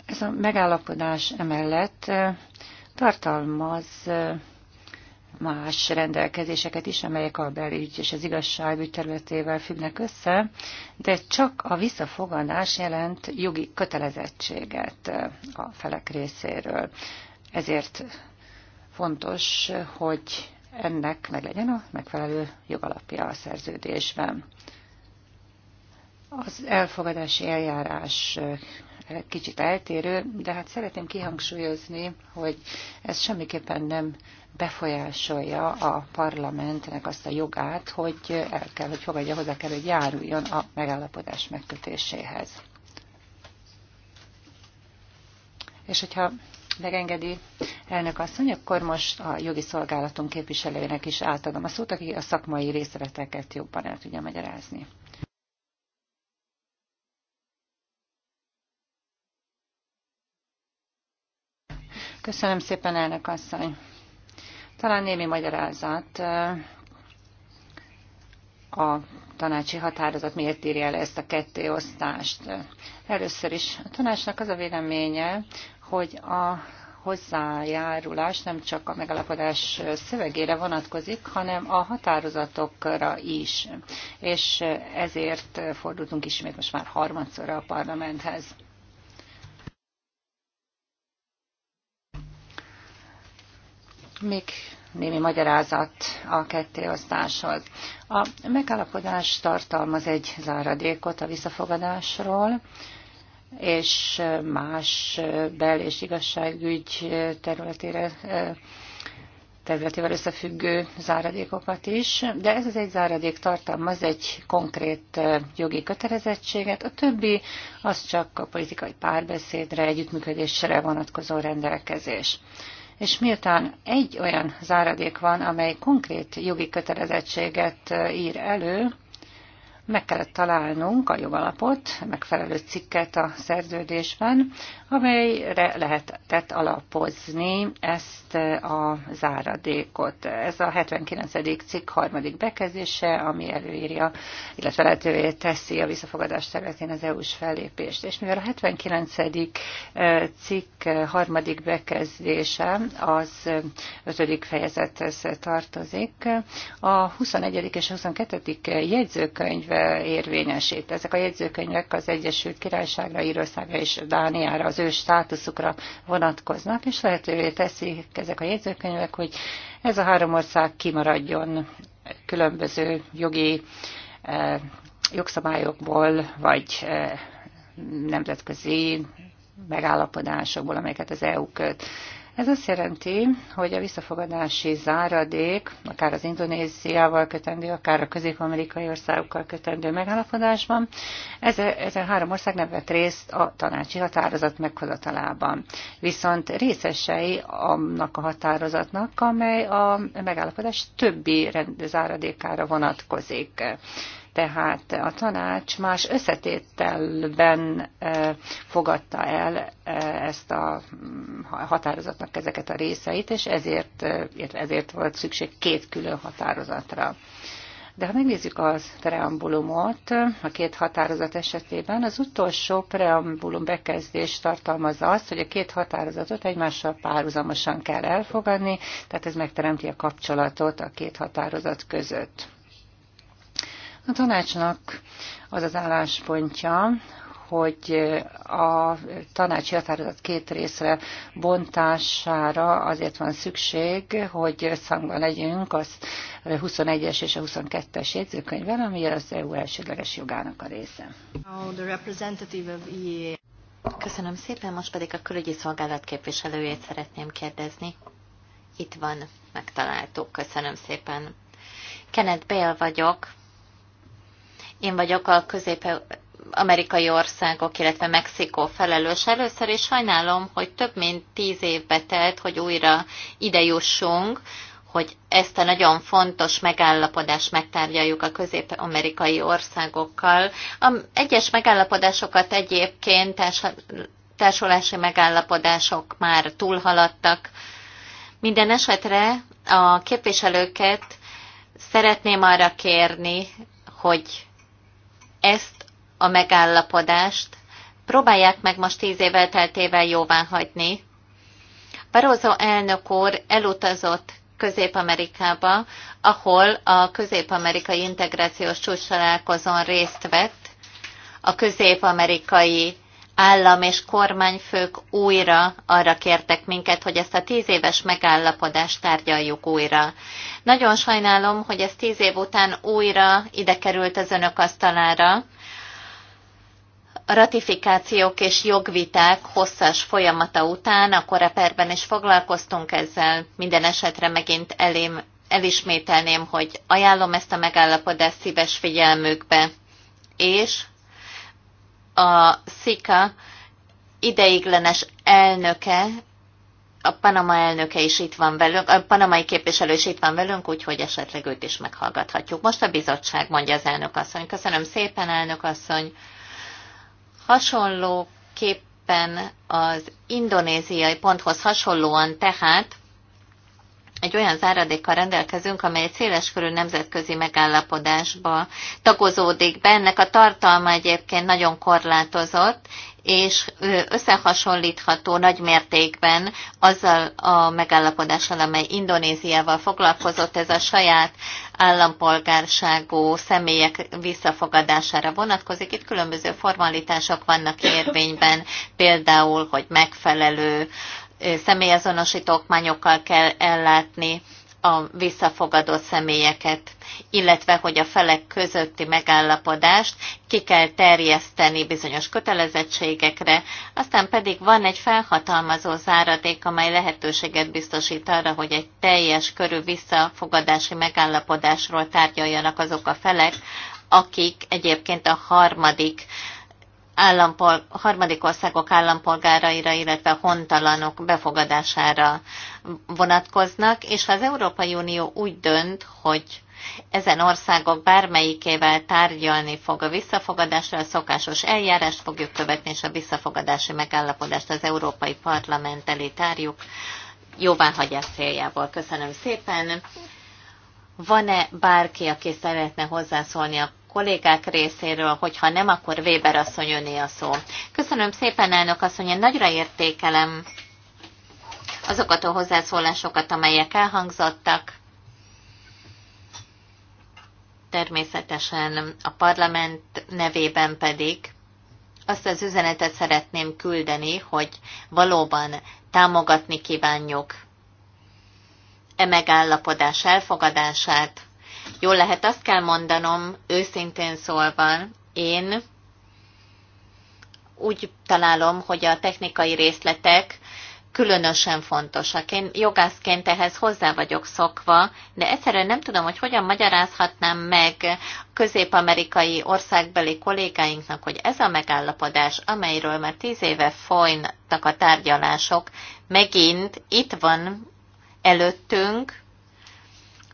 Ez a megállapodás emellett tartalmaz más rendelkezéseket is, amelyek a belügy és az igazságügy területével függnek össze, de csak a visszafogadás jelent jogi kötelezettséget a felek részéről. Ezért fontos, hogy ennek meg legyen a megfelelő jogalapja a szerződésben. Az elfogadási eljárás kicsit eltérő, de hát szeretném kihangsúlyozni, hogy ez semmiképpen nem befolyásolja a parlamentnek azt a jogát, hogy el kell, hogy fogadja hozzá kell, hogy járuljon a megállapodás megkötéséhez. És hogyha megengedi elnök asszony, akkor most a jogi szolgálatunk képviselőjének is átadom a szót, aki a szakmai részleteket jobban el tudja magyarázni. Köszönöm szépen, elnök asszony. Talán némi magyarázat eh, a tanácsi határozat miért írja le ezt a ketté osztást. Először is a tanácsnak az a véleménye, hogy a hozzájárulás nem csak a megalapodás szövegére vonatkozik, hanem a határozatokra is. És ezért fordultunk ismét most már harmadszorra a parlamenthez. még némi magyarázat a kettéosztáshoz. A megállapodás tartalmaz egy záradékot a visszafogadásról, és más bel- és igazságügy területére területével összefüggő záradékokat is, de ez az egy záradék tartalmaz egy konkrét jogi kötelezettséget, a többi az csak a politikai párbeszédre, együttműködésre vonatkozó rendelkezés és miután egy olyan záradék van, amely konkrét jogi kötelezettséget ír elő, meg kellett találnunk a jogalapot, megfelelő cikket a szerződésben, amelyre lehetett alapozni ezt a záradékot. Ez a 79. cikk harmadik bekezdése, ami előírja, illetve lehetővé teszi a visszafogadás területén az EU-s fellépést. És mivel a 79. Eh, cikk harmadik bekezdése az ötödik fejezethez tartozik, a 21. és 22. jegyzőkönyv érvényesít. Ezek a jegyzőkönyvek az Egyesült Királyságra, Írországra és Dániára az ő státuszukra vonatkoznak, és lehetővé teszik ezek a jegyzőkönyvek, hogy ez a három ország kimaradjon különböző jogi eh, jogszabályokból, vagy eh, nemzetközi megállapodásokból, amelyeket az EU köt. Ez azt jelenti, hogy a visszafogadási záradék, akár az Indonéziával kötendő, akár a közép-amerikai országokkal kötendő megállapodásban, ez a, ez a három ország nem vett részt a tanácsi határozat meghozatalában. Viszont részesei annak a határozatnak, amely a megállapodás többi záradékára vonatkozik. Tehát a tanács más összetételben e, fogadta el e, ezt a mm, határozatnak ezeket a részeit, és ezért, e, ezért volt szükség két külön határozatra. De ha megnézzük az preambulumot, a két határozat esetében, az utolsó preambulum bekezdés tartalmazza azt, hogy a két határozatot egymással párhuzamosan kell elfogadni, tehát ez megteremti a kapcsolatot a két határozat között. A tanácsnak az az álláspontja, hogy a tanácsi határozat két részre bontására azért van szükség, hogy összhangban legyünk az 21-es és a 22-es jegyzőkönyvvel, ami az EU elsődleges jogának a része. E köszönöm szépen, most pedig a külügyi szolgálat képviselőjét szeretném kérdezni. Itt van, megtaláltuk, köszönöm szépen. Kenneth Bale vagyok, én vagyok a közép-amerikai országok, illetve Mexikó felelős először, és sajnálom, hogy több mint tíz évbe telt, hogy újra ide jussunk, hogy ezt a nagyon fontos megállapodást megtárgyaljuk a közép-amerikai országokkal. A egyes megállapodásokat egyébként társulási megállapodások már túlhaladtak. Minden esetre a képviselőket szeretném arra kérni, hogy ezt a megállapodást próbálják meg most tíz év elteltével jóvá hagyni. Barozó elnök úr elutazott Közép-Amerikába, ahol a közép-amerikai integrációs csúcs találkozón részt vett a közép-amerikai állam és kormányfők újra arra kértek minket, hogy ezt a tíz éves megállapodást tárgyaljuk újra. Nagyon sajnálom, hogy ez tíz év után újra ide került az önök asztalára. A ratifikációk és jogviták hosszas folyamata után, a koreperben is foglalkoztunk ezzel, minden esetre megint elém, elismételném, hogy ajánlom ezt a megállapodást szíves figyelmükbe, és a SZIKA ideiglenes elnöke, a Panama elnöke is itt van velünk, a panamai képviselő is itt van velünk, úgyhogy esetleg őt is meghallgathatjuk. Most a bizottság, mondja az elnök asszony. Köszönöm szépen, elnök asszony. Hasonlóképpen az indonéziai ponthoz hasonlóan tehát egy olyan záradékkal rendelkezünk, amely egy széleskörű nemzetközi megállapodásba tagozódik be. Ennek a tartalma egyébként nagyon korlátozott, és összehasonlítható nagy mértékben azzal a megállapodással, amely Indonéziával foglalkozott, ez a saját állampolgárságú személyek visszafogadására vonatkozik. Itt különböző formalitások vannak érvényben, például, hogy megfelelő személyazonosító okmányokkal kell ellátni a visszafogadó személyeket, illetve hogy a felek közötti megállapodást ki kell terjeszteni bizonyos kötelezettségekre, aztán pedig van egy felhatalmazó záradék, amely lehetőséget biztosít arra, hogy egy teljes körű visszafogadási megállapodásról tárgyaljanak azok a felek, akik egyébként a harmadik állampol, harmadik országok állampolgáraira, illetve hontalanok befogadására vonatkoznak, és ha az Európai Unió úgy dönt, hogy ezen országok bármelyikével tárgyalni fog a visszafogadásra, a szokásos eljárást fogjuk követni, és a visszafogadási megállapodást az Európai Parlament elé tárjuk jóváhagyás céljából. Köszönöm szépen! Van-e bárki, aki szeretne hozzászólni a kollégák részéről, hogyha nem, akkor Weber asszony öné a szó. Köszönöm szépen, elnök asszony, én nagyra értékelem azokat a hozzászólásokat, amelyek elhangzottak. Természetesen a parlament nevében pedig azt az üzenetet szeretném küldeni, hogy valóban támogatni kívánjuk e megállapodás elfogadását, Jól lehet, azt kell mondanom, őszintén szólva, én úgy találom, hogy a technikai részletek különösen fontosak. Én jogászként ehhez hozzá vagyok szokva, de egyszerűen nem tudom, hogy hogyan magyarázhatnám meg közép-amerikai országbeli kollégáinknak, hogy ez a megállapodás, amelyről már tíz éve folynak a tárgyalások, megint itt van előttünk,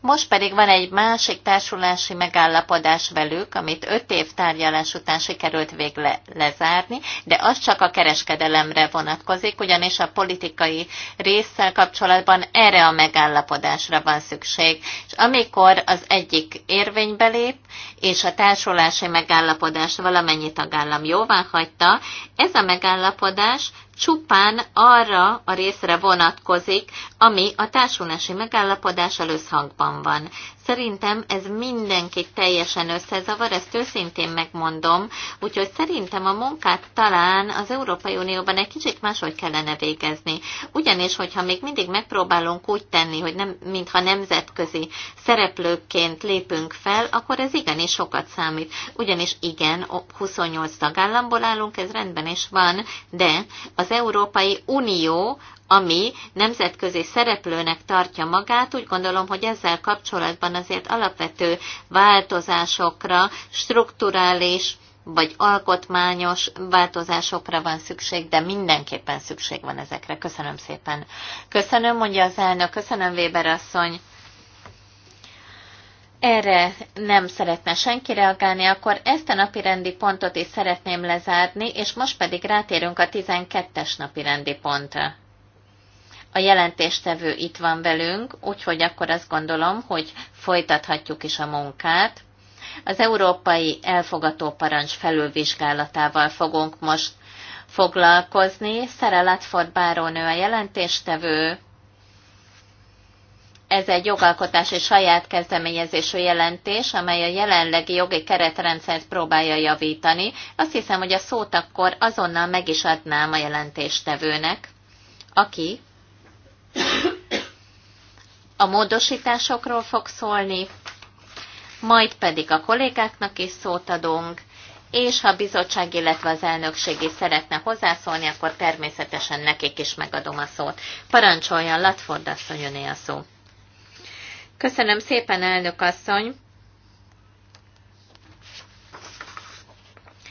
most pedig van egy másik társulási megállapodás velük, amit öt év tárgyalás után sikerült végle lezárni, de az csak a kereskedelemre vonatkozik, ugyanis a politikai résszel kapcsolatban erre a megállapodásra van szükség. És amikor az egyik érvénybe lép, és a társulási megállapodás valamennyi tagállam jóvá hagyta, ez a megállapodás csupán arra a részre vonatkozik, ami a társulási megállapodással összhangban van. Szerintem ez mindenkit teljesen összezavar, ezt őszintén megmondom, úgyhogy szerintem a munkát talán az Európai Unióban egy kicsit máshogy kellene végezni. Ugyanis, hogyha még mindig megpróbálunk úgy tenni, hogy nem, mintha nemzetközi szereplőként lépünk fel, akkor ez igenis sokat számít. Ugyanis igen, 28 tagállamból állunk, ez rendben is van, de az Európai Unió ami nemzetközi szereplőnek tartja magát, úgy gondolom, hogy ezzel kapcsolatban azért alapvető változásokra, strukturális vagy alkotmányos változásokra van szükség, de mindenképpen szükség van ezekre. Köszönöm szépen. Köszönöm, mondja az elnök, köszönöm Weber asszony. Erre nem szeretne senki reagálni, akkor ezt a napi rendi pontot is szeretném lezárni, és most pedig rátérünk a 12-es napi rendi pontra. A jelentéstevő itt van velünk, úgyhogy akkor azt gondolom, hogy folytathatjuk is a munkát. Az Európai Elfogató Parancs felülvizsgálatával fogunk most foglalkozni. Szere Latford Bárónő a jelentéstevő. Ez egy jogalkotási saját kezdeményezésű jelentés, amely a jelenlegi jogi keretrendszert próbálja javítani. Azt hiszem, hogy a szót akkor azonnal meg is adnám a jelentéstevőnek, aki a módosításokról fog szólni, majd pedig a kollégáknak is szót adunk, és ha a bizottság, illetve az elnökség is szeretne hozzászólni, akkor természetesen nekik is megadom a szót. Parancsoljon, Latford asszony, öné a szó. Köszönöm szépen, elnök asszony!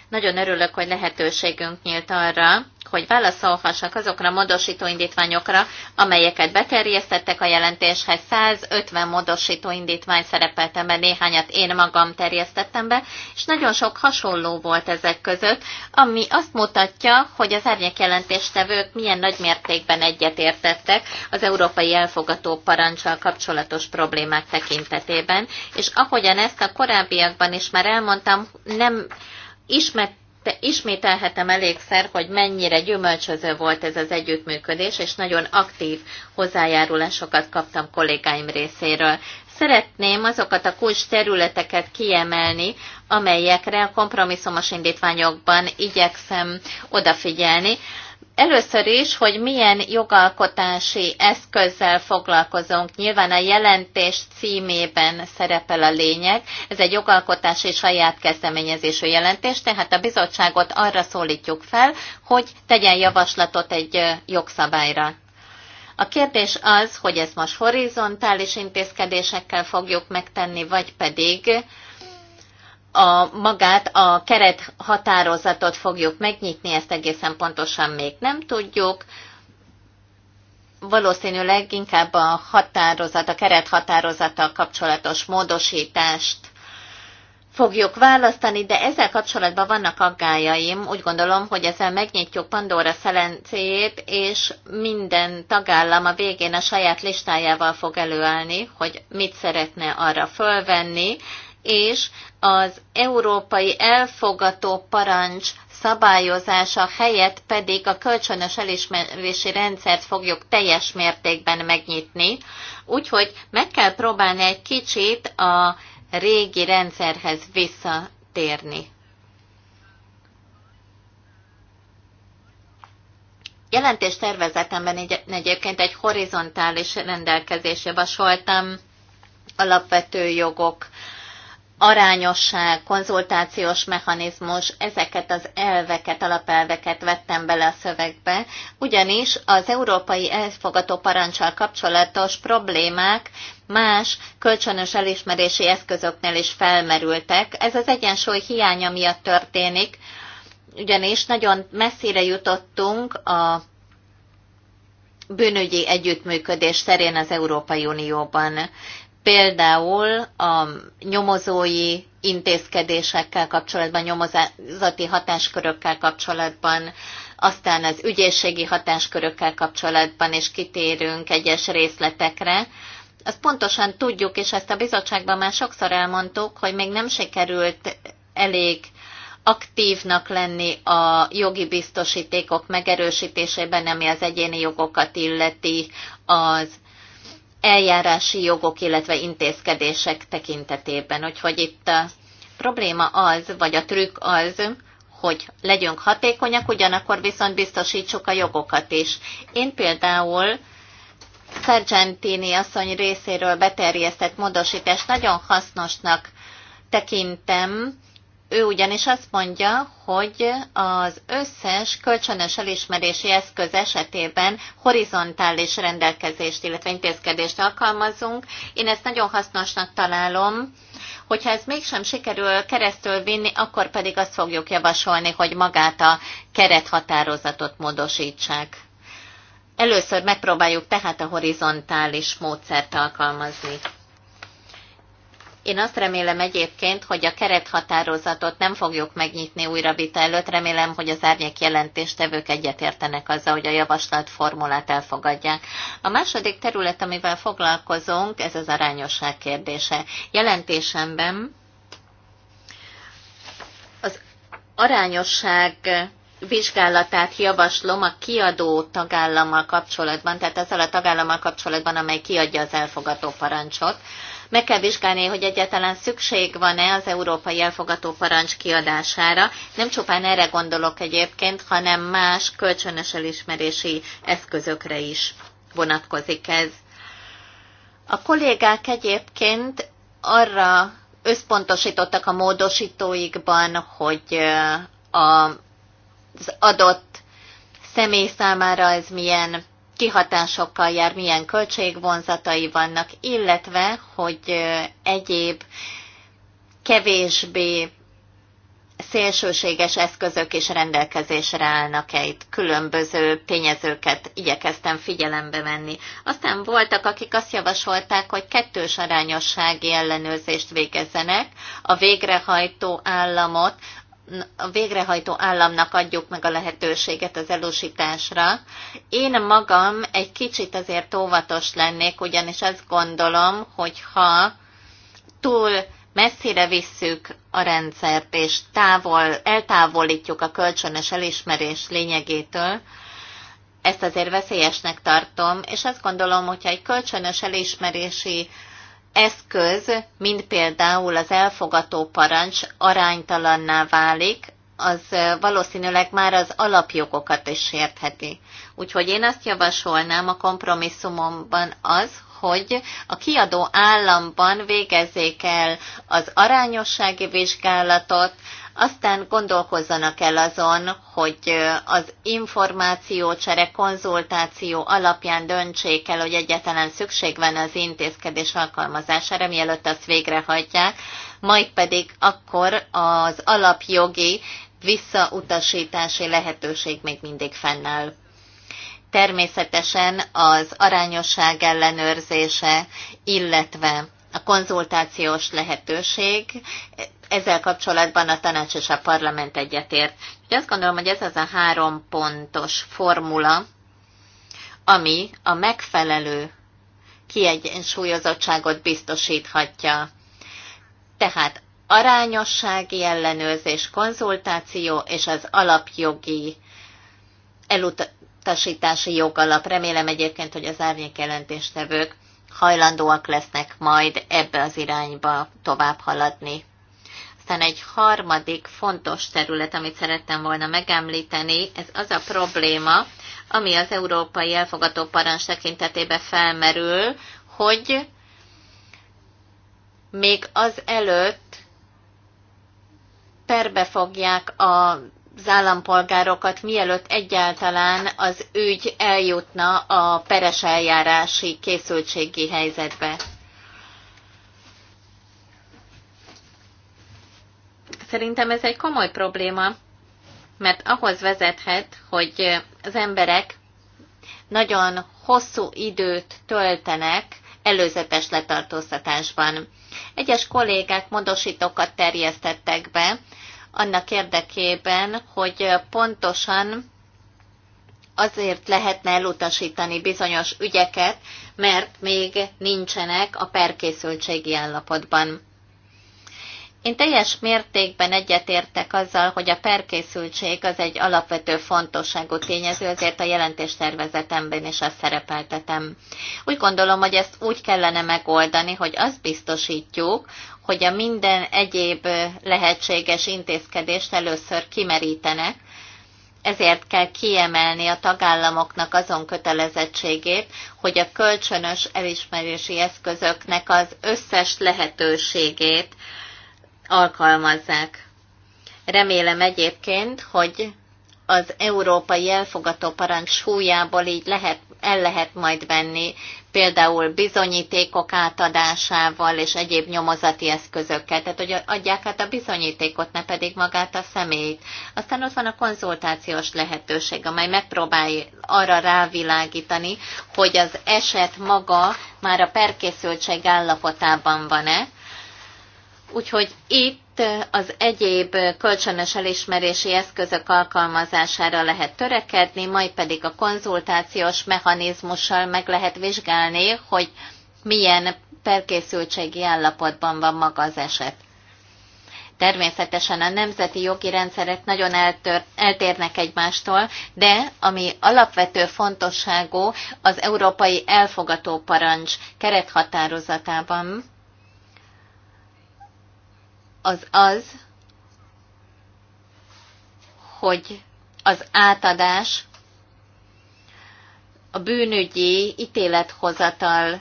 Nagyon örülök, hogy lehetőségünk nyílt arra, hogy válaszolhassak azokra a módosító indítványokra, amelyeket beterjesztettek a jelentéshez. 150 módosító indítvány szerepeltem be, néhányat én magam terjesztettem be, és nagyon sok hasonló volt ezek között, ami azt mutatja, hogy az árnyékjelentéstevők milyen nagy mértékben egyetértettek az európai elfogató parancsal kapcsolatos problémák tekintetében, és ahogyan ezt a korábbiakban is már elmondtam, nem ismert te ismételhetem elégszer, hogy mennyire gyümölcsöző volt ez az együttműködés, és nagyon aktív hozzájárulásokat kaptam kollégáim részéről. Szeretném azokat a kulcs területeket kiemelni, amelyekre a kompromisszumos indítványokban igyekszem odafigyelni. Először is, hogy milyen jogalkotási eszközzel foglalkozunk. Nyilván a jelentés címében szerepel a lényeg. Ez egy jogalkotási saját kezdeményezésű jelentés, tehát a bizottságot arra szólítjuk fel, hogy tegyen javaslatot egy jogszabályra. A kérdés az, hogy ezt most horizontális intézkedésekkel fogjuk megtenni, vagy pedig a, magát a keret határozatot fogjuk megnyitni, ezt egészen pontosan még nem tudjuk. Valószínűleg inkább a határozat, a keret határozattal kapcsolatos módosítást fogjuk választani, de ezzel kapcsolatban vannak aggájaim. Úgy gondolom, hogy ezzel megnyitjuk Pandora szelencéjét, és minden tagállam a végén a saját listájával fog előállni, hogy mit szeretne arra fölvenni, és az európai elfogató parancs szabályozása helyett pedig a kölcsönös elismerési rendszert fogjuk teljes mértékben megnyitni, úgyhogy meg kell próbálni egy kicsit a régi rendszerhez visszatérni. Jelentés tervezetemben egyébként egy horizontális rendelkezés javasoltam alapvető jogok arányosság, konzultációs mechanizmus, ezeket az elveket, alapelveket vettem bele a szövegbe, ugyanis az európai elfogató parancsal kapcsolatos problémák más kölcsönös elismerési eszközöknél is felmerültek. Ez az egyensúly hiánya miatt történik, ugyanis nagyon messzire jutottunk a bűnügyi együttműködés szerén az Európai Unióban például a nyomozói intézkedésekkel kapcsolatban, nyomozati hatáskörökkel kapcsolatban, aztán az ügyészségi hatáskörökkel kapcsolatban, és kitérünk egyes részletekre. Azt pontosan tudjuk, és ezt a bizottságban már sokszor elmondtuk, hogy még nem sikerült elég aktívnak lenni a jogi biztosítékok megerősítésében, ami az egyéni jogokat illeti, az eljárási jogok, illetve intézkedések tekintetében. Úgyhogy itt a probléma az, vagy a trükk az, hogy legyünk hatékonyak, ugyanakkor viszont biztosítsuk a jogokat is. Én például Sargentini asszony részéről beterjesztett módosítást nagyon hasznosnak tekintem, ő ugyanis azt mondja, hogy az összes kölcsönös elismerési eszköz esetében horizontális rendelkezést, illetve intézkedést alkalmazunk. Én ezt nagyon hasznosnak találom. Hogyha ez mégsem sikerül keresztül vinni, akkor pedig azt fogjuk javasolni, hogy magát a kerethatározatot módosítsák. Először megpróbáljuk tehát a horizontális módszert alkalmazni. Én azt remélem egyébként, hogy a kerethatározatot nem fogjuk megnyitni újra vita előtt. Remélem, hogy az árnyék jelentéstevők egyetértenek azzal, hogy a javaslat formulát elfogadják. A második terület, amivel foglalkozunk, ez az arányosság kérdése. Jelentésemben az arányosság vizsgálatát javaslom a kiadó tagállammal kapcsolatban, tehát azzal a tagállammal kapcsolatban, amely kiadja az elfogadó parancsot. Meg kell vizsgálni, hogy egyáltalán szükség van-e az európai elfogató parancs kiadására. Nem csupán erre gondolok egyébként, hanem más kölcsönös elismerési eszközökre is vonatkozik ez. A kollégák egyébként arra összpontosítottak a módosítóikban, hogy az adott személy számára ez milyen kihatásokkal jár, milyen költségvonzatai vannak, illetve, hogy egyéb kevésbé szélsőséges eszközök is rendelkezésre állnak-e itt. Különböző tényezőket igyekeztem figyelembe venni. Aztán voltak, akik azt javasolták, hogy kettős arányossági ellenőrzést végezzenek, a végrehajtó államot a végrehajtó államnak adjuk meg a lehetőséget az elusításra. Én magam egy kicsit azért óvatos lennék, ugyanis azt gondolom, hogy ha túl messzire visszük a rendszert, és távol, eltávolítjuk a kölcsönös elismerés lényegétől, ezt azért veszélyesnek tartom, és azt gondolom, hogyha egy kölcsönös elismerési eszköz, mint például az elfogató parancs aránytalanná válik, az valószínűleg már az alapjogokat is sértheti. Úgyhogy én azt javasolnám a kompromisszumomban az, hogy a kiadó államban végezzék el az arányossági vizsgálatot, aztán gondolkozzanak el azon, hogy az információcsere, konzultáció alapján döntsék el, hogy egyetlen szükség van az intézkedés alkalmazására, mielőtt azt végrehajtják, majd pedig akkor az alapjogi visszautasítási lehetőség még mindig fennáll. Természetesen az arányosság ellenőrzése, illetve a konzultációs lehetőség, ezzel kapcsolatban a tanács és a parlament egyetért. Úgyhogy azt gondolom, hogy ez az a három pontos formula, ami a megfelelő kiegyensúlyozottságot biztosíthatja. Tehát arányossági ellenőrzés, konzultáció és az alapjogi elutasítási jogalap. Remélem egyébként, hogy az árnyék jelentéstevők hajlandóak lesznek majd ebbe az irányba tovább haladni. Aztán egy harmadik fontos terület, amit szerettem volna megemlíteni, ez az a probléma, ami az európai elfogató parancs tekintetében felmerül, hogy még az előtt perbe fogják a az állampolgárokat, mielőtt egyáltalán az ügy eljutna a peres eljárási készültségi helyzetbe. Szerintem ez egy komoly probléma, mert ahhoz vezethet, hogy az emberek nagyon hosszú időt töltenek előzetes letartóztatásban. Egyes kollégák módosítókat terjesztettek be, annak érdekében, hogy pontosan azért lehetne elutasítani bizonyos ügyeket, mert még nincsenek a perkészültségi állapotban. Én teljes mértékben egyetértek azzal, hogy a perkészültség az egy alapvető fontosságú tényező, azért a jelentéstervezetemben is azt szerepeltetem. Úgy gondolom, hogy ezt úgy kellene megoldani, hogy azt biztosítjuk, hogy a minden egyéb lehetséges intézkedést először kimerítenek, ezért kell kiemelni a tagállamoknak azon kötelezettségét, hogy a kölcsönös elismerési eszközöknek az összes lehetőségét alkalmazzák. Remélem egyébként, hogy az európai elfogató parancs súlyából így lehet, el lehet majd venni, például bizonyítékok átadásával és egyéb nyomozati eszközökkel, tehát hogy adják át a bizonyítékot, ne pedig magát a személyt. Aztán ott van a konzultációs lehetőség, amely megpróbál arra rávilágítani, hogy az eset maga már a perkészültség állapotában van-e, Úgyhogy itt az egyéb kölcsönös elismerési eszközök alkalmazására lehet törekedni, majd pedig a konzultációs mechanizmussal meg lehet vizsgálni, hogy milyen felkészültségi állapotban van maga az eset. Természetesen a nemzeti jogi rendszerek nagyon eltör, eltérnek egymástól, de ami alapvető fontosságú az európai elfogató parancs kerethatározatában, az az, hogy az átadás a bűnügyi ítélethozatal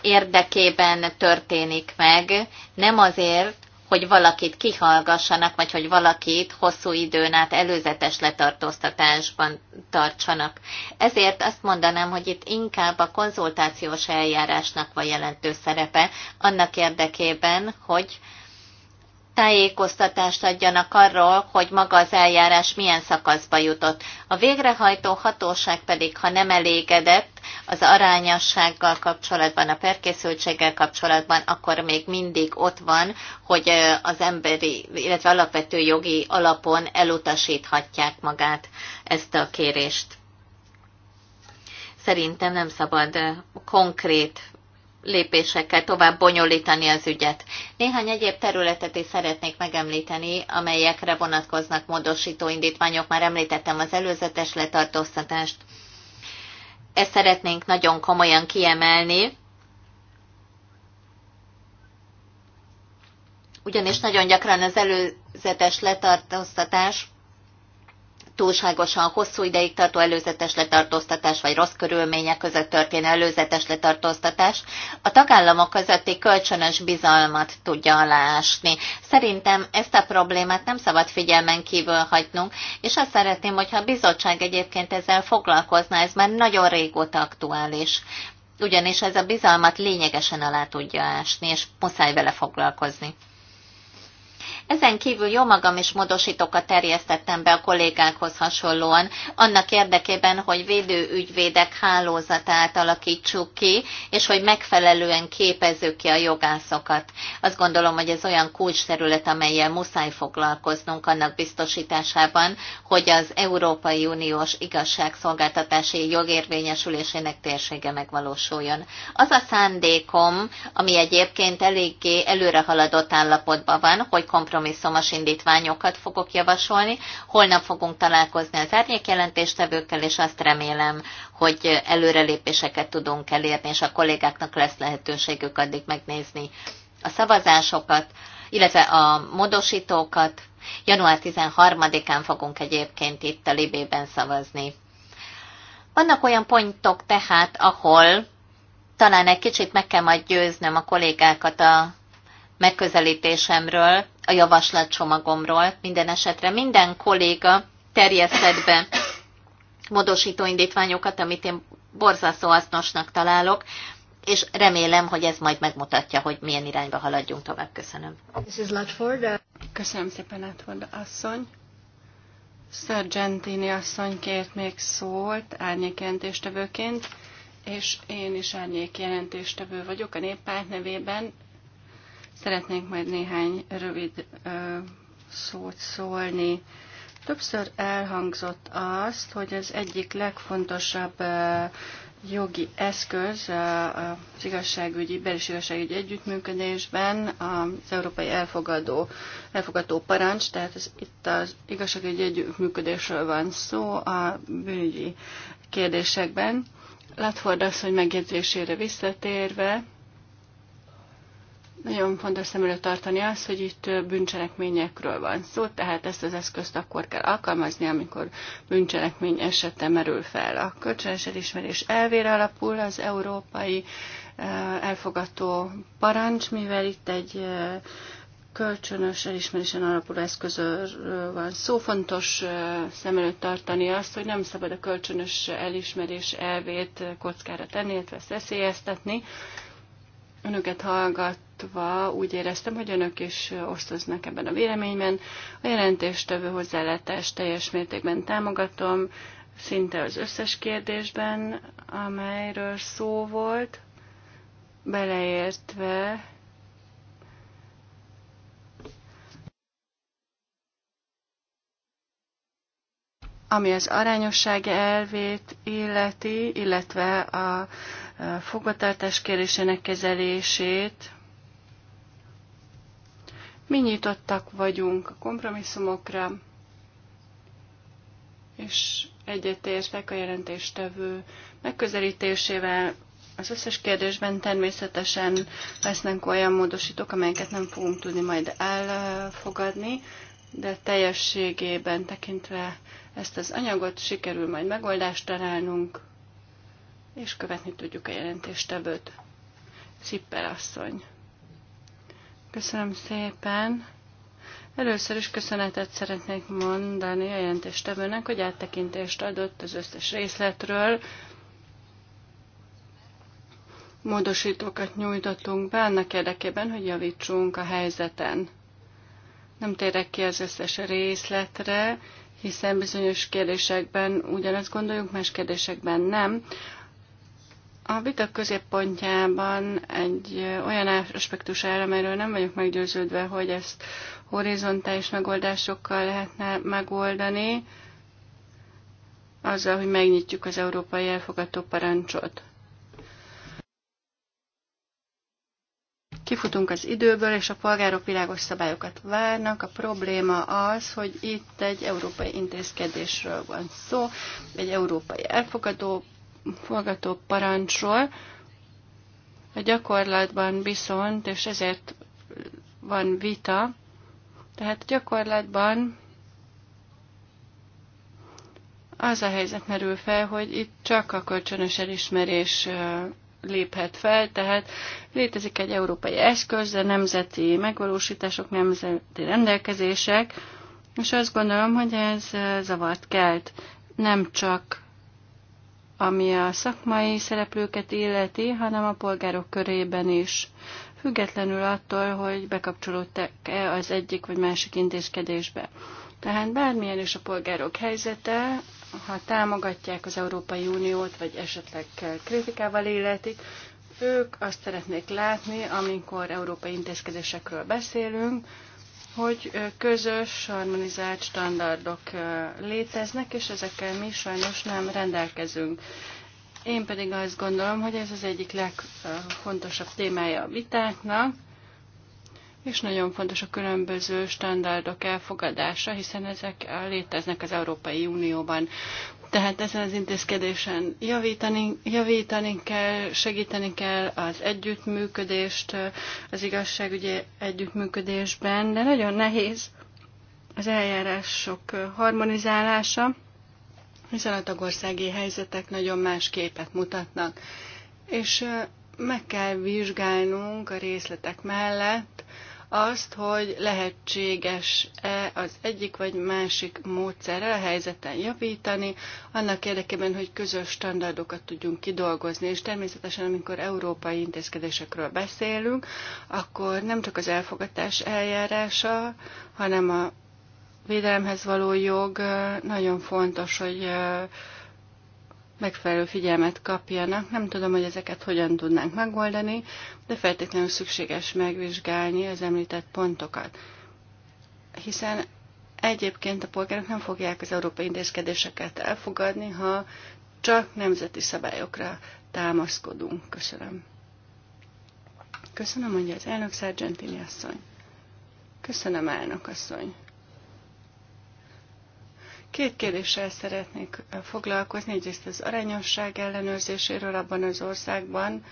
érdekében történik meg, nem azért, hogy valakit kihallgassanak, vagy hogy valakit hosszú időn át előzetes letartóztatásban tartsanak. Ezért azt mondanám, hogy itt inkább a konzultációs eljárásnak van jelentő szerepe, annak érdekében, hogy tájékoztatást adjanak arról, hogy maga az eljárás milyen szakaszba jutott. A végrehajtó hatóság pedig, ha nem elégedett az arányossággal kapcsolatban, a perkészültséggel kapcsolatban, akkor még mindig ott van, hogy az emberi, illetve alapvető jogi alapon elutasíthatják magát ezt a kérést. Szerintem nem szabad konkrét lépésekkel tovább bonyolítani az ügyet. Néhány egyéb területet is szeretnék megemlíteni, amelyekre vonatkoznak módosító indítványok, már említettem az előzetes letartóztatást. Ezt szeretnénk nagyon komolyan kiemelni, ugyanis nagyon gyakran az előzetes letartóztatás túlságosan hosszú ideig tartó előzetes letartóztatás, vagy rossz körülmények között történő előzetes letartóztatás a tagállamok közötti kölcsönös bizalmat tudja alásni. Szerintem ezt a problémát nem szabad figyelmen kívül hagynunk, és azt szeretném, hogyha a bizottság egyébként ezzel foglalkozna, ez már nagyon régóta aktuális ugyanis ez a bizalmat lényegesen alá tudja ásni, és muszáj vele foglalkozni. Ezen kívül jó magam is módosítókat terjesztettem be a kollégákhoz hasonlóan, annak érdekében, hogy védőügyvédek hálózatát alakítsuk ki, és hogy megfelelően képezzük ki a jogászokat. Azt gondolom, hogy ez olyan kulcsterület, amelyel muszáj foglalkoznunk annak biztosításában, hogy az Európai Uniós igazságszolgáltatási jogérvényesülésének térsége megvalósuljon. Az a szándékom, ami egyébként eléggé előrehaladott állapotban van, hogy kompromisszum kompromisszumos indítványokat fogok javasolni. Holnap fogunk találkozni az árnyékjelentéstevőkkel, és azt remélem, hogy előrelépéseket tudunk elérni, és a kollégáknak lesz lehetőségük addig megnézni a szavazásokat, illetve a módosítókat. Január 13-án fogunk egyébként itt a Libében szavazni. Vannak olyan pontok tehát, ahol talán egy kicsit meg kell majd győznöm a kollégákat a megközelítésemről, a javaslatcsomagomról. Minden esetre minden kolléga terjesztett be módosító indítványokat, amit én borzasztó hasznosnak találok, és remélem, hogy ez majd megmutatja, hogy milyen irányba haladjunk tovább. Köszönöm. Mrs. Latford. Uh, Köszönöm szépen, Latford asszony. Sargentini asszony kért még szólt árnyékjelentéstevőként, és én is árnyékjelentéstevő vagyok a néppárt nevében. Szeretnénk majd néhány rövid ö, szót szólni. Többször elhangzott azt, hogy az egyik legfontosabb ö, jogi eszköz az igazságügyi, belis igazságügyi együttműködésben az európai elfogadó, elfogadó parancs, tehát ez, itt az igazságügyi együttműködésről van szó a bűnügyi kérdésekben. Latford az, hogy megjegyzésére visszatérve, nagyon fontos szem előtt tartani azt, hogy itt bűncselekményekről van szó, tehát ezt az eszközt akkor kell alkalmazni, amikor bűncselekmény esete merül fel. A kölcsönös elismerés elvére alapul az európai eh, elfogató parancs, mivel itt egy eh, kölcsönös elismerésen alapuló eszközről van szó. Fontos eh, szem előtt tartani azt, hogy nem szabad a kölcsönös elismerés elvét kockára tenni, illetve veszélyeztetni. Önöket hallgat hallgatva úgy éreztem, hogy önök is osztoznak ebben a véleményben. A jelentéstevő hozzálátást teljes mértékben támogatom, szinte az összes kérdésben, amelyről szó volt, beleértve ami az arányosság elvét illeti, illetve a fogvatartás kérésének kezelését, mi nyitottak vagyunk a kompromisszumokra, és egyetértek a jelentéstevő megközelítésével. Az összes kérdésben természetesen lesznek olyan módosítók, amelyeket nem fogunk tudni majd elfogadni, de teljességében tekintve ezt az anyagot sikerül majd megoldást találnunk, és követni tudjuk a jelentéstevőt. Szippel asszony. Köszönöm szépen. Először is köszönetet szeretnék mondani a jelentéstevőnek, hogy áttekintést adott az összes részletről. Módosítókat nyújtottunk be annak érdekében, hogy javítsunk a helyzeten. Nem térek ki az összes részletre, hiszen bizonyos kérdésekben ugyanazt gondoljuk, más kérdésekben nem. A vita középpontjában egy olyan aspektus áll, amelyről nem vagyok meggyőződve, hogy ezt horizontális megoldásokkal lehetne megoldani, azzal, hogy megnyitjuk az európai elfogadó parancsot. Kifutunk az időből, és a polgárok világos szabályokat várnak. A probléma az, hogy itt egy európai intézkedésről van szó, egy európai elfogadó forgatóparancsról. A gyakorlatban viszont, és ezért van vita, tehát gyakorlatban az a helyzet merül fel, hogy itt csak a kölcsönös elismerés léphet fel, tehát létezik egy európai eszköz, de nemzeti megvalósítások, nemzeti rendelkezések, és azt gondolom, hogy ez zavart kelt. Nem csak ami a szakmai szereplőket illeti, hanem a polgárok körében is. Függetlenül attól, hogy bekapcsolódtak-e az egyik vagy másik intézkedésbe. Tehát bármilyen is a polgárok helyzete, ha támogatják az Európai Uniót, vagy esetleg kritikával életik, ők azt szeretnék látni, amikor európai intézkedésekről beszélünk, hogy közös, harmonizált standardok léteznek, és ezekkel mi sajnos nem rendelkezünk. Én pedig azt gondolom, hogy ez az egyik legfontosabb témája a vitáknak, és nagyon fontos a különböző standardok elfogadása, hiszen ezek léteznek az Európai Unióban. Tehát ezen az intézkedésen javítani, javítani kell, segíteni kell az együttműködést az igazságügyi együttműködésben, de nagyon nehéz az eljárások harmonizálása, hiszen a tagországi helyzetek nagyon más képet mutatnak. És meg kell vizsgálnunk a részletek mellett azt, hogy lehetséges-e az egyik vagy másik módszerrel a helyzeten javítani, annak érdekében, hogy közös standardokat tudjunk kidolgozni, és természetesen, amikor európai intézkedésekről beszélünk, akkor nem csak az elfogadás eljárása, hanem a védelemhez való jog nagyon fontos, hogy megfelelő figyelmet kapjanak. Nem tudom, hogy ezeket hogyan tudnánk megoldani, de feltétlenül szükséges megvizsgálni az említett pontokat. Hiszen egyébként a polgárok nem fogják az európai intézkedéseket elfogadni, ha csak nemzeti szabályokra támaszkodunk. Köszönöm. Köszönöm, mondja az elnök Sargentini asszony. Köszönöm, elnök asszony. Két kérdéssel szeretnék foglalkozni, egyrészt az arányosság ellenőrzéséről abban az országban,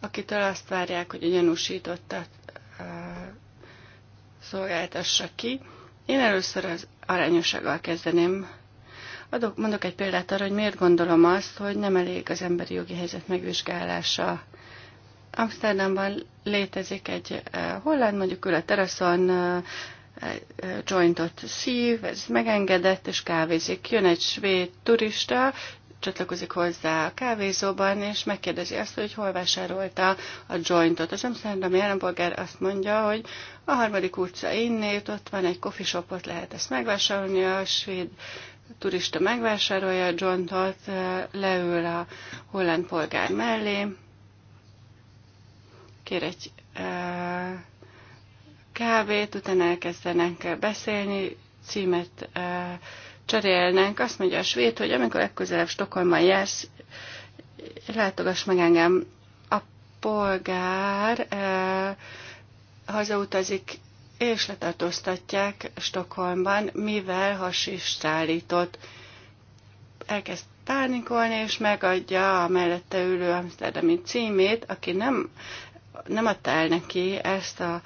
akitől azt várják, hogy a gyanúsítottat szolgáltassa ki. Én először az arányossággal kezdeném. Adok, mondok egy példát arra, hogy miért gondolom azt, hogy nem elég az emberi jogi helyzet megvizsgálása. Amsterdamban létezik egy holland, mondjuk ül a teraszon, jointot szív, ez megengedett, és kávézik. Jön egy svéd turista, csatlakozik hozzá a kávézóban, és megkérdezi azt, hogy hol vásárolta a jointot. Az amsterdami állampolgár azt mondja, hogy a harmadik utca innét, ott van egy coffee shop, ott lehet ezt megvásárolni, a svéd turista megvásárolja a jointot, leül a holland polgár mellé, kér egy kávét, utána elkezdenek beszélni, címet cserélnek. Azt mondja a svéd, hogy amikor legközelebb Stokholmban jársz, látogass meg engem. A polgár hazautazik és letartóztatják Stockholmban, mivel hasis szállított. Elkezd pánikolni, és megadja a mellette ülő Amsterdami címét, aki nem, nem adta el neki ezt a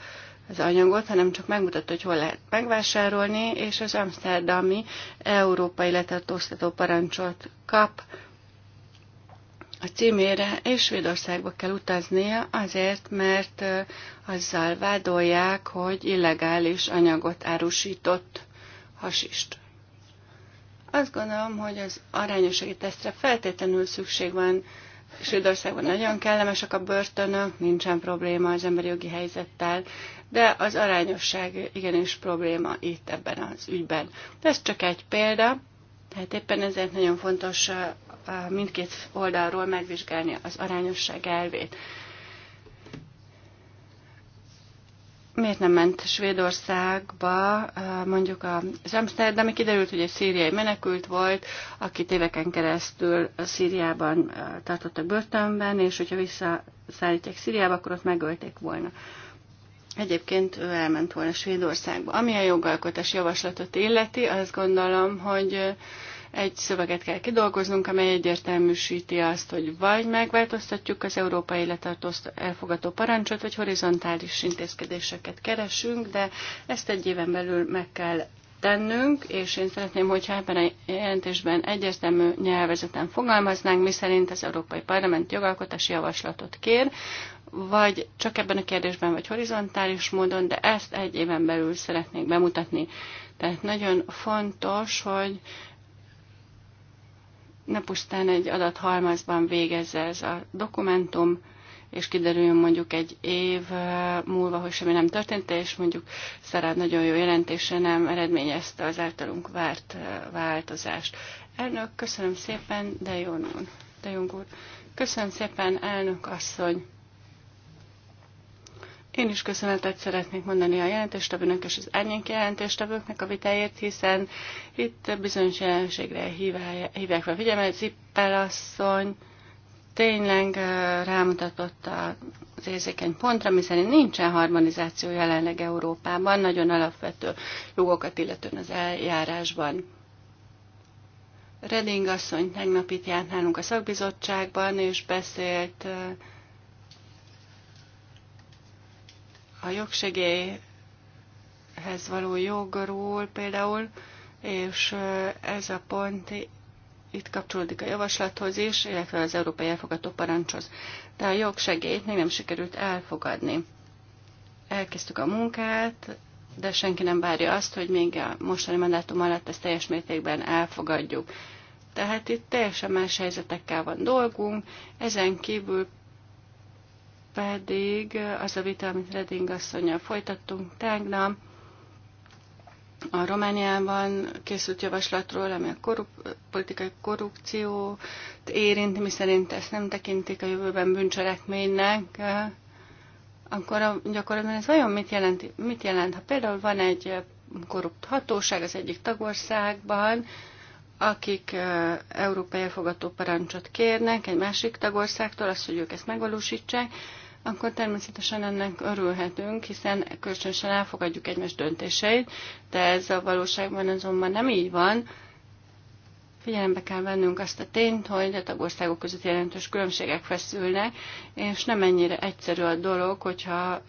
az anyagot, hanem csak megmutatta, hogy hol lehet megvásárolni, és az amsterdami európai letartóztató parancsot kap a címére, és Svédországba kell utaznia azért, mert azzal vádolják, hogy illegális anyagot árusított hasist. Azt gondolom, hogy az arányossági tesztre feltétlenül szükség van. Svédországban nagyon kellemesek a börtönök, nincsen probléma az emberi jogi helyzettel, de az arányosság igenis probléma itt ebben az ügyben. De ez csak egy példa, tehát éppen ezért nagyon fontos mindkét oldalról megvizsgálni az arányosság elvét. miért nem ment Svédországba, mondjuk az Amsterdami, kiderült, hogy egy szíriai menekült volt, akit éveken keresztül Szíriában tartottak börtönben, és hogyha visszaszállítják Szíriába, akkor ott megölték volna. Egyébként ő elment volna Svédországba. Ami a jogalkotás javaslatot illeti, azt gondolom, hogy egy szöveget kell kidolgoznunk, amely egyértelműsíti azt, hogy vagy megváltoztatjuk az európai letartó elfogató parancsot, vagy horizontális intézkedéseket keresünk, de ezt egy éven belül meg kell tennünk, és én szeretném, hogyha ebben a jelentésben egyértelmű nyelvezeten fogalmaznánk, miszerint az Európai Parlament jogalkotási javaslatot kér, vagy csak ebben a kérdésben, vagy horizontális módon, de ezt egy éven belül szeretnék bemutatni. Tehát nagyon fontos, hogy ne pusztán egy adathalmazban végezze ez a dokumentum, és kiderüljön mondjuk egy év eh, múlva, hogy semmi nem történt, és mondjuk szerint nagyon jó jelentése nem eredményezte az általunk várt eh, változást. Elnök, köszönöm szépen, de jó, de jó úr. Köszönöm szépen, elnök asszony. Én is köszönetet szeretnék mondani a jelentéstevőnök és az árnyék jelentéstevőknek a vitáért, hiszen itt bizonyos jelenségre hívják fel figyelmet. Zippel asszony tényleg rámutatott az érzékeny pontra, hiszen nincsen harmonizáció jelenleg Európában, nagyon alapvető jogokat illetően az eljárásban. Reding asszony tegnap itt járt nálunk a szakbizottságban, és beszélt uh, a jogsegélyhez való jogról például, és ez a pont itt kapcsolódik a javaslathoz is, illetve az Európai elfogadó Parancshoz. De a jogsegélyt még nem sikerült elfogadni. Elkezdtük a munkát, de senki nem várja azt, hogy még a mostani mandátum alatt ezt teljes mértékben elfogadjuk. Tehát itt teljesen más helyzetekkel van dolgunk, ezen kívül pedig az a vita, amit Reding asszonyjal folytattunk tegnap, a Romániában készült javaslatról, ami a korrup- politikai korrupciót érint, mi szerint ezt nem tekintik a jövőben bűncselekménynek, akkor a, gyakorlatilag ez vajon mit jelent? Mit jelent? Ha például van egy korrupt hatóság az egyik tagországban, akik európai elfogató parancsot kérnek egy másik tagországtól, azt, hogy ők ezt megvalósítsák, akkor természetesen ennek örülhetünk, hiszen kölcsönösen elfogadjuk egymás döntéseit, de ez a valóságban azonban nem így van. Figyelembe kell vennünk azt a tényt, hogy a tagországok között jelentős különbségek feszülnek, és nem ennyire egyszerű a dolog, hogyha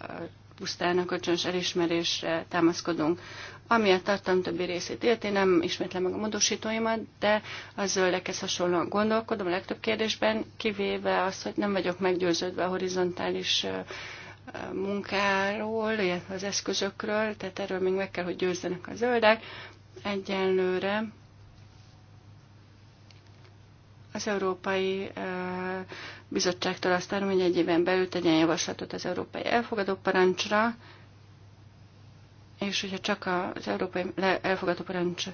pusztán a kölcsönös elismerésre támaszkodunk. Ami a tartalom többi részét élt, én nem ismétlem meg a módosítóimat, de a zöldekhez hasonlóan gondolkodom a legtöbb kérdésben, kivéve azt, hogy nem vagyok meggyőződve a horizontális munkáról, illetve az eszközökről, tehát erről még meg kell, hogy győzzenek a zöldek. Egyenlőre az Európai Bizottságtól azt várom, hogy egy éven belül tegyen javaslatot az Európai Elfogadó Parancsra, és hogyha csak az európai elfogadó parancs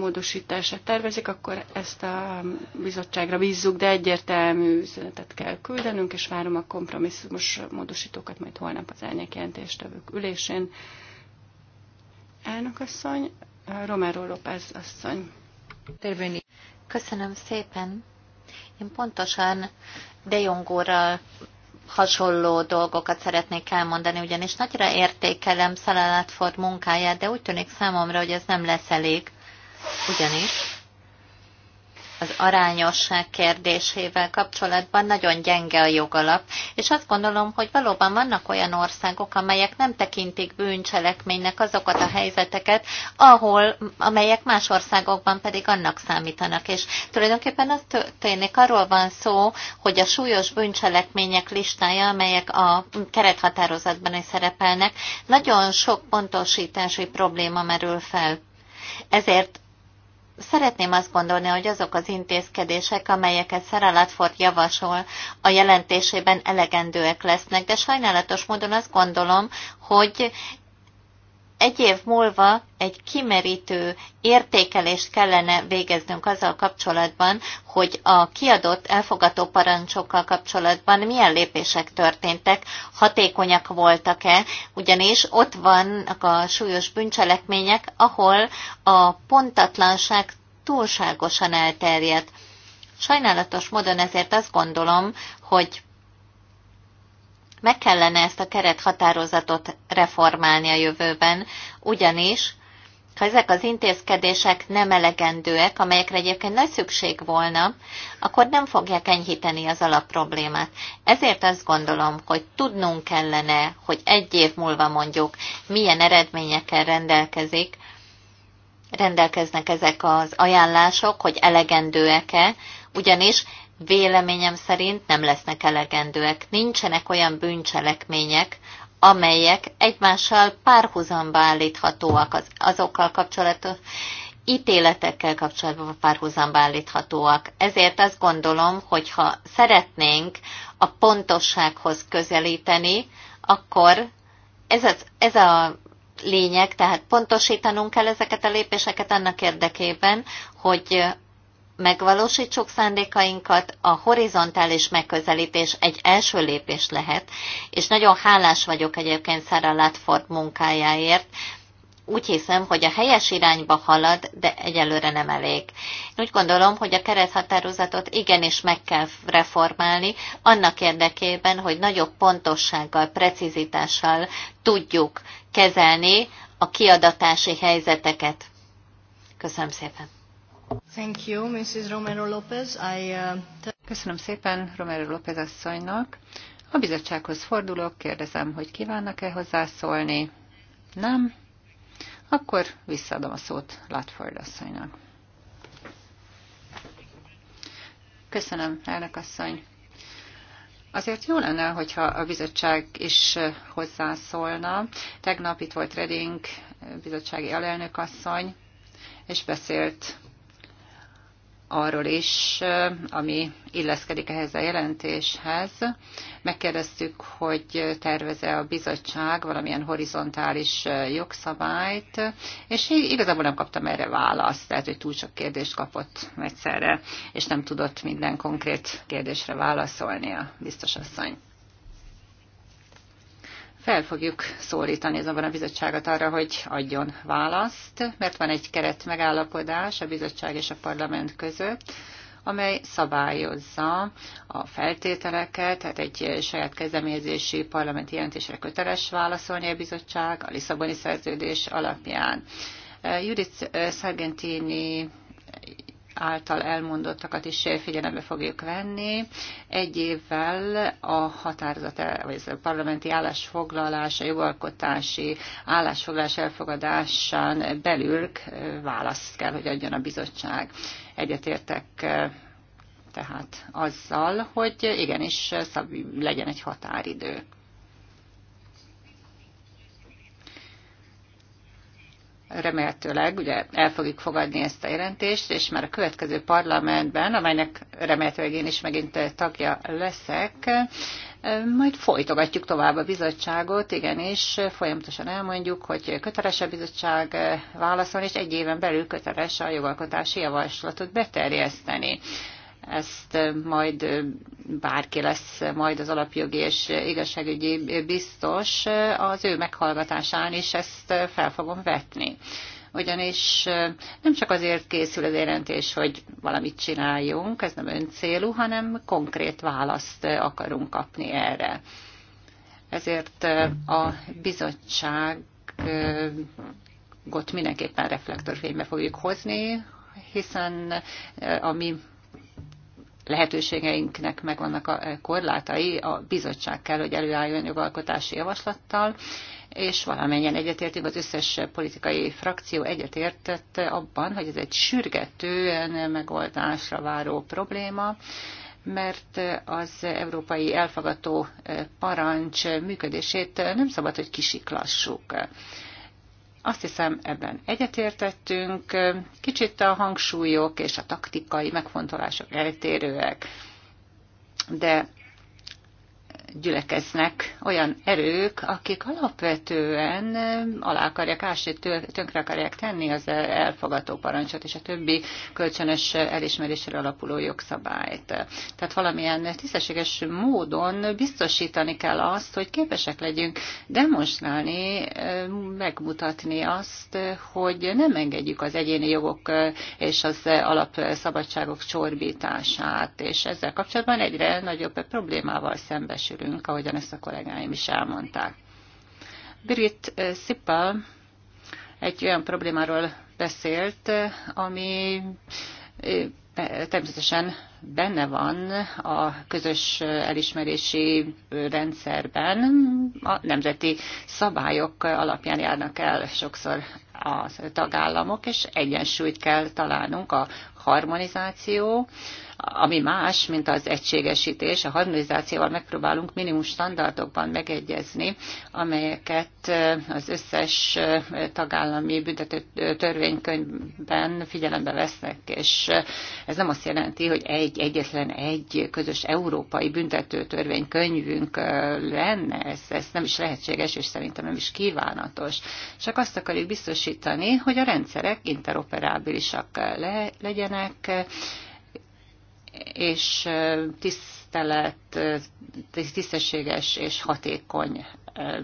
módosítását tervezik, akkor ezt a bizottságra bízzuk, de egyértelmű üzenetet kell küldenünk, és várom a kompromisszumos módosítókat majd holnap az árnyékjelentéstevők ülésén. Elnök asszony, Romero López asszony. Köszönöm szépen. Én pontosan De Jong hasonló dolgokat szeretnék elmondani, ugyanis nagyra értékelem Szalalátford munkáját, de úgy tűnik számomra, hogy ez nem lesz elég. Ugyanis az arányosság kérdésével kapcsolatban nagyon gyenge a jogalap, és azt gondolom, hogy valóban vannak olyan országok, amelyek nem tekintik bűncselekménynek azokat a helyzeteket, ahol, amelyek más országokban pedig annak számítanak. És tulajdonképpen az történik, arról van szó, hogy a súlyos bűncselekmények listája, amelyek a kerethatározatban is szerepelnek, nagyon sok pontosítási probléma merül fel. Ezért Szeretném azt gondolni, hogy azok az intézkedések, amelyeket Sarah Latford javasol a jelentésében elegendőek lesznek, de sajnálatos módon azt gondolom, hogy egy év múlva egy kimerítő értékelést kellene végeznünk azzal kapcsolatban, hogy a kiadott elfogató parancsokkal kapcsolatban milyen lépések történtek, hatékonyak voltak-e, ugyanis ott vannak a súlyos bűncselekmények, ahol a pontatlanság túlságosan elterjedt. Sajnálatos módon ezért azt gondolom, hogy meg kellene ezt a kerethatározatot reformálni a jövőben, ugyanis ha ezek az intézkedések nem elegendőek, amelyekre egyébként nagy szükség volna, akkor nem fogják enyhíteni az alapproblémát. Ezért azt gondolom, hogy tudnunk kellene, hogy egy év múlva mondjuk milyen eredményekkel rendelkezik, rendelkeznek ezek az ajánlások, hogy elegendőek-e, ugyanis véleményem szerint nem lesznek elegendőek. Nincsenek olyan bűncselekmények, amelyek egymással párhuzamba állíthatóak az, azokkal kapcsolatos ítéletekkel kapcsolatban párhuzamba állíthatóak. Ezért azt gondolom, hogy ha szeretnénk a pontossághoz közelíteni, akkor ez, az, ez a lényeg, tehát pontosítanunk kell ezeket a lépéseket annak érdekében, hogy megvalósítsuk szándékainkat, a horizontális megközelítés egy első lépés lehet, és nagyon hálás vagyok egyébként Sarah Latford munkájáért, úgy hiszem, hogy a helyes irányba halad, de egyelőre nem elég. Én úgy gondolom, hogy a kerethatározatot igenis meg kell reformálni, annak érdekében, hogy nagyobb pontossággal, precizitással tudjuk kezelni a kiadatási helyzeteket. Köszönöm szépen! Uh, Köszönöm szépen Romero López asszonynak. A bizottsághoz fordulok, kérdezem, hogy kívánnak-e hozzászólni. Nem? Akkor visszaadom a szót Latford asszonynak. Köszönöm, elnök asszony. Azért jó lenne, hogyha a bizottság is hozzászólna. Tegnap itt volt Reding bizottsági alelnök asszony, és beszélt arról is, ami illeszkedik ehhez a jelentéshez. Megkérdeztük, hogy terveze a bizottság valamilyen horizontális jogszabályt, és igazából nem kaptam erre választ, tehát hogy túl sok kérdést kapott egyszerre, és nem tudott minden konkrét kérdésre válaszolni a biztos asszony fel fogjuk szólítani azonban a bizottságot arra, hogy adjon választ, mert van egy keret megállapodás a bizottság és a parlament között, amely szabályozza a feltételeket, tehát egy saját kezdeményezési parlamenti jelentésre köteles válaszolni a bizottság a Lisszaboni szerződés alapján. Judith Sargentini által elmondottakat is figyelembe fogjuk venni. Egy évvel a határozat, vagy a parlamenti állásfoglalás, a jogalkotási állásfoglalás elfogadásán belül választ kell, hogy adjon a bizottság. Egyetértek tehát azzal, hogy igenis legyen egy határidő. remélhetőleg ugye el fogjuk fogadni ezt a jelentést, és már a következő parlamentben, amelynek remélhetőleg én is megint tagja leszek, majd folytogatjuk tovább a bizottságot, igenis, folyamatosan elmondjuk, hogy köteles a bizottság válaszolni, és egy éven belül köteles a jogalkotási javaslatot beterjeszteni ezt majd bárki lesz majd az alapjogi és igazságügyi biztos, az ő meghallgatásán is ezt fel fogom vetni. Ugyanis nem csak azért készül az jelentés, hogy valamit csináljunk, ez nem célú, hanem konkrét választ akarunk kapni erre. Ezért a bizottságot mindenképpen reflektorfénybe fogjuk hozni, hiszen a mi lehetőségeinknek megvannak a korlátai, a bizottság kell, hogy előálljon jogalkotási javaslattal, és valamennyien egyetértünk, az összes politikai frakció egyetértett abban, hogy ez egy sürgetően megoldásra váró probléma, mert az európai elfogató parancs működését nem szabad, hogy kisiklassuk. Azt hiszem, ebben egyetértettünk. Kicsit a hangsúlyok és a taktikai megfontolások eltérőek, de gyülekeznek olyan erők, akik alapvetően alá akarják ásni, tönkre akarják tenni az elfogató parancsot és a többi kölcsönös elismerésre alapuló jogszabályt. Tehát valamilyen tisztességes módon biztosítani kell azt, hogy képesek legyünk demonstrálni, megmutatni azt, hogy nem engedjük az egyéni jogok és az alapszabadságok csorbítását, és ezzel kapcsolatban egyre nagyobb problémával szembesül becsülünk, ahogyan ezt a kollégáim is elmondták. Birgit eh, Szippel egy olyan problémáról beszélt, ami eh, természetesen benne van a közös eh, elismerési rendszerben. A nemzeti szabályok alapján járnak el sokszor a tagállamok, és egyensúlyt kell találnunk a harmonizáció, ami más, mint az egységesítés. A harmonizációval megpróbálunk minimum standardokban megegyezni, amelyeket az összes tagállami büntető törvénykönyvben figyelembe vesznek, és ez nem azt jelenti, hogy egy, egyetlen egy közös európai büntető törvénykönyvünk lenne, ez, ez nem is lehetséges, és szerintem nem is kívánatos. Csak azt akarjuk biztosítani, hogy a rendszerek interoperábilisak le, legyenek, és tisztelet, tisztességes és hatékony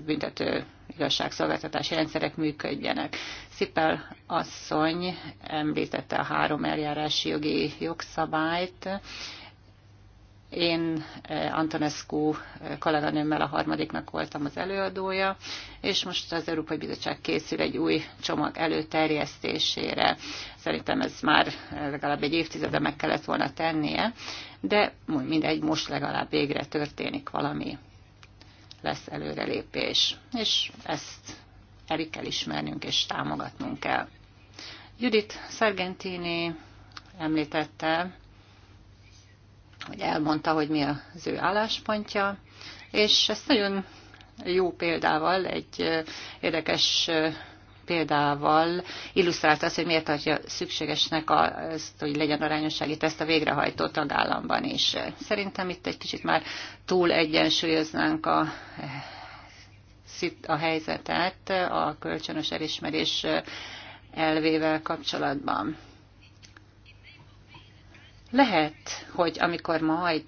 büntető igazságszolgáltatási rendszerek működjenek. Szipel asszony említette a három eljárási jogi jogszabályt, én eh, Antonescu eh, kolléganőmmel a harmadiknak voltam az előadója, és most az Európai Bizottság készül egy új csomag előterjesztésére. Szerintem ez már eh, legalább egy évtizede meg kellett volna tennie, de mindegy, most legalább végre történik valami, lesz előrelépés, és ezt el kell ismernünk és támogatnunk kell. Judit Sargentini említette hogy elmondta, hogy mi az ő álláspontja, és ezt nagyon jó példával, egy érdekes példával illusztrálta azt, hogy miért tartja szükségesnek azt, hogy legyen arányossági teszt a végrehajtó tagállamban is. Szerintem itt egy kicsit már túl egyensúlyoznánk a a helyzetet a kölcsönös elismerés elvével kapcsolatban. Lehet, hogy amikor majd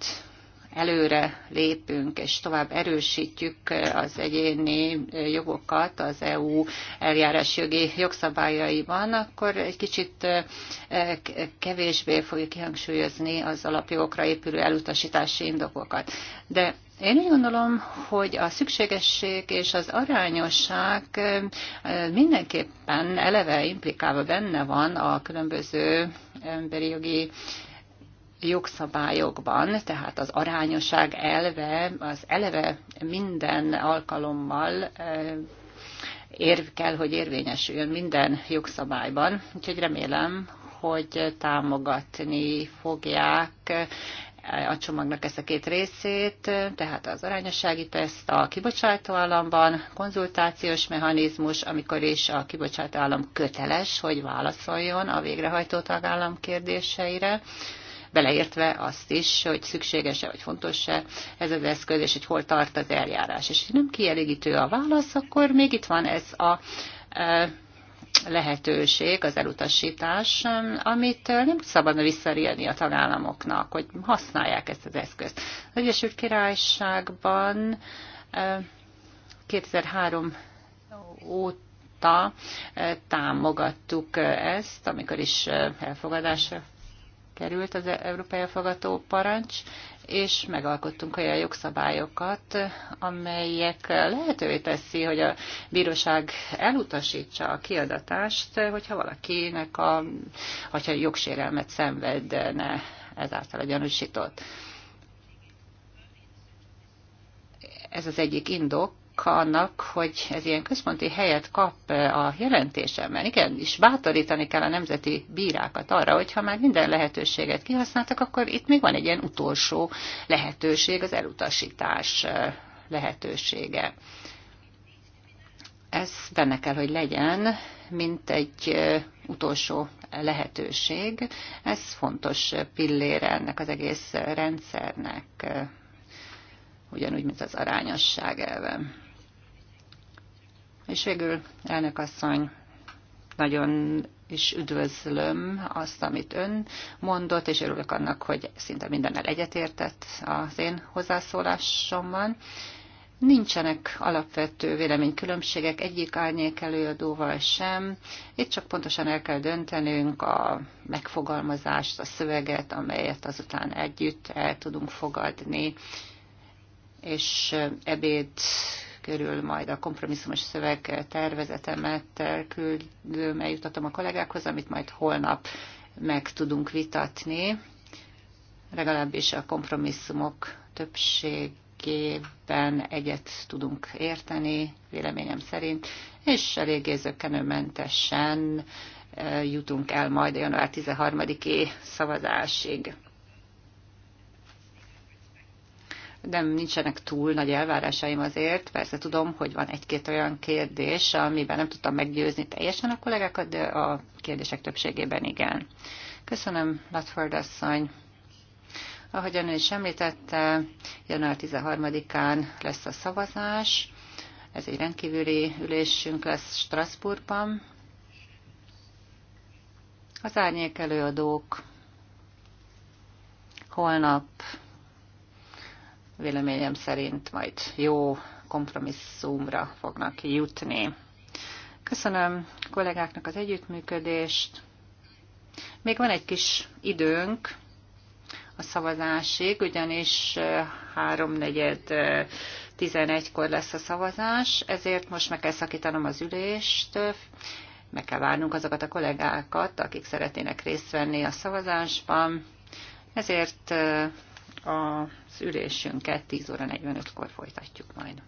előre lépünk és tovább erősítjük az egyéni jogokat az EU eljárásjogi jogszabályaiban, akkor egy kicsit eh, kevésbé fogjuk kihangsúlyozni az alapjogokra épülő elutasítási indokokat. De én úgy gondolom, hogy a szükségesség és az arányosság eh, mindenképpen eleve implikálva benne van a különböző emberi jogi jogszabályokban, tehát az arányosság elve, az eleve minden alkalommal érv kell, hogy érvényesüljön minden jogszabályban, úgyhogy remélem, hogy támogatni fogják a csomagnak ezt a két részét, tehát az arányossági teszt a kibocsátó államban, konzultációs mechanizmus, amikor is a kibocsátó állam köteles, hogy válaszoljon a végrehajtó tagállam kérdéseire, beleértve azt is, hogy szükséges-e vagy fontos-e ez az eszköz, és hogy hol tart az eljárás. És nem kielégítő a válasz, akkor még itt van ez a e, lehetőség, az elutasítás, amit e, nem szabadna visszarélni a tagállamoknak, hogy használják ezt az eszközt. Az Egyesült Királyságban 2003 e, óta támogattuk ezt, amikor is elfogadásra került az Európai Fogató Parancs, és megalkottunk olyan jogszabályokat, amelyek lehetővé teszi, hogy a bíróság elutasítsa a kiadatást, hogyha valakinek a, hogyha jogsérelmet szenvedne ezáltal a gyanúsított. Ez az egyik indok, annak, hogy ez ilyen központi helyet kap e, a jelentésemben. Igen, és bátorítani kell a nemzeti bírákat arra, hogyha már minden lehetőséget kihasználtak, akkor itt még van egy ilyen utolsó lehetőség, az elutasítás e, lehetősége. Ez benne kell, hogy legyen, mint egy e, utolsó lehetőség. Ez fontos pillére ennek az egész rendszernek, ugyanúgy, mint az arányosság elve. És végül, elnök asszony, nagyon is üdvözlöm azt, amit ön mondott, és örülök annak, hogy szinte mindennel egyetértett az én hozzászólásomban. Nincsenek alapvető véleménykülönbségek egyik árnyék előadóval sem. Itt csak pontosan el kell döntenünk a megfogalmazást, a szöveget, amelyet azután együtt el tudunk fogadni, és ebéd körül majd a kompromisszumos szöveg tervezetemet küldöm, eljutatom a kollégákhoz, amit majd holnap meg tudunk vitatni, legalábbis a kompromisszumok többségében egyet tudunk érteni, véleményem szerint, és eléggé zökkenőmentesen eh, jutunk el majd a január 13-i szavazásig. nem nincsenek túl nagy elvárásaim azért. Persze tudom, hogy van egy-két olyan kérdés, amiben nem tudtam meggyőzni teljesen a kollégákat, de a kérdések többségében igen. Köszönöm, Latford asszony. Ahogyan ön is említette, január 13-án lesz a szavazás. Ez egy rendkívüli ülésünk lesz Strasbourgban. Az árnyék előadók holnap véleményem szerint majd jó kompromisszumra fognak jutni. Köszönöm kollégáknak az együttműködést. Még van egy kis időnk a szavazásig, ugyanis háromnegyed 11-kor lesz a szavazás, ezért most meg kell szakítanom az ülést, meg kell várnunk azokat a kollégákat, akik szeretnének részt venni a szavazásban. Ezért az ülésünket 10 óra 45-kor folytatjuk majd.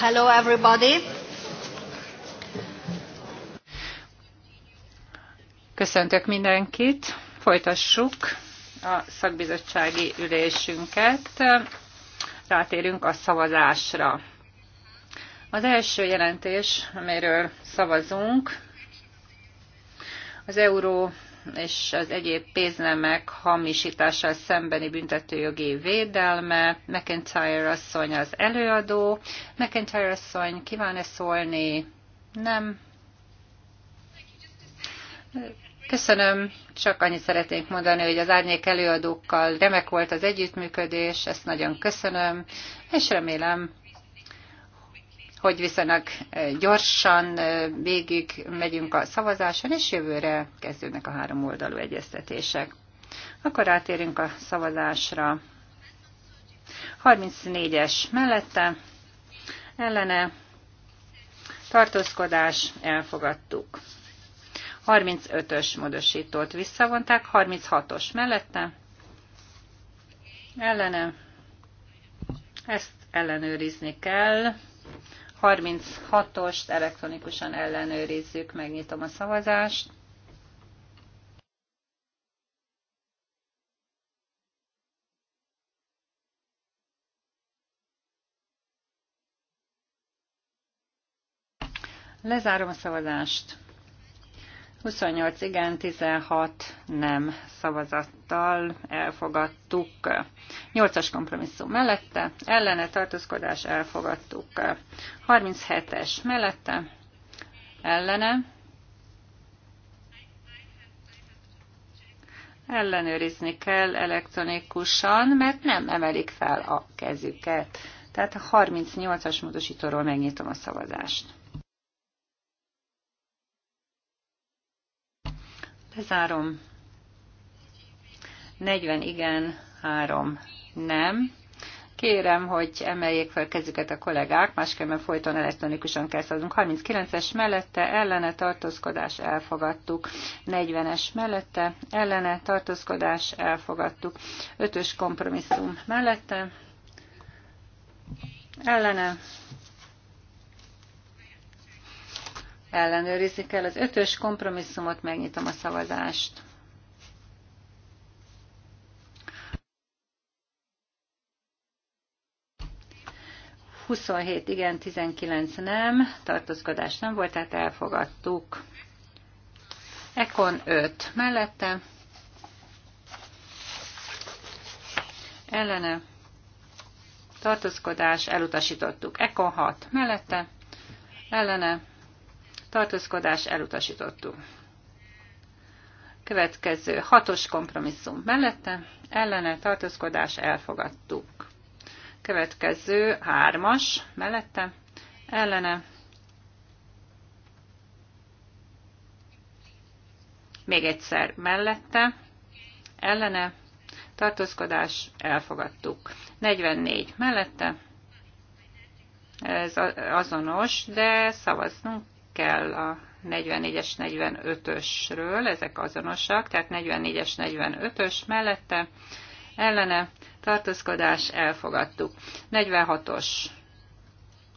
Hello everybody. Köszöntök mindenkit. Folytassuk a szakbizottsági ülésünket. Rátérünk a szavazásra. Az első jelentés, amiről szavazunk, az euró és az egyéb pénznemek hamisítással szembeni büntetőjogi védelme. McIntyre asszony az előadó. McIntyre asszony kíván-e szólni? Nem. Köszönöm, csak annyit szeretnénk mondani, hogy az árnyék előadókkal remek volt az együttműködés, ezt nagyon köszönöm, és remélem hogy viszonylag gyorsan végig megyünk a szavazáson, és jövőre kezdődnek a három oldalú egyeztetések. Akkor átérünk a szavazásra. 34-es mellette, ellene, tartózkodás, elfogadtuk. 35-ös módosítót visszavonták, 36-os mellette, ellene, ezt ellenőrizni kell. 36-ost elektronikusan ellenőrizzük, megnyitom a szavazást. Lezárom a szavazást. 28 igen, 16 nem szavazattal elfogadtuk. 8-as kompromisszum mellette, ellene tartózkodás elfogadtuk. 37-es mellette, ellene, ellenőrizni kell elektronikusan, mert nem emelik fel a kezüket. Tehát a 38-as módosítóról megnyitom a szavazást. Bezárom. 40 igen, 3 nem. Kérem, hogy emeljék fel kezüket a kollégák, másképpen folyton elektronikusan kell szavazunk. 39-es mellette, ellene tartózkodás elfogadtuk. 40-es mellette, ellene tartózkodás elfogadtuk. 5-ös kompromisszum mellette, ellene ellenőrizni kell. Az ötös kompromisszumot megnyitom a szavazást. Huszonhét igen, 19 nem, tartózkodás nem volt, tehát elfogadtuk. Ekon 5 mellette. Ellene tartózkodás, elutasítottuk. Ekon 6 mellette, ellene, tartózkodás elutasítottuk. Következő hatos kompromisszum mellette, ellene tartózkodás elfogadtuk. Következő hármas mellette, ellene. Még egyszer mellette, ellene, tartózkodás, elfogadtuk. 44 mellette, ez azonos, de szavaznunk kell a 44-es, 45-ösről, ezek azonosak, tehát 44-es, 45-ös mellette, ellene, tartózkodás, elfogadtuk. 46-os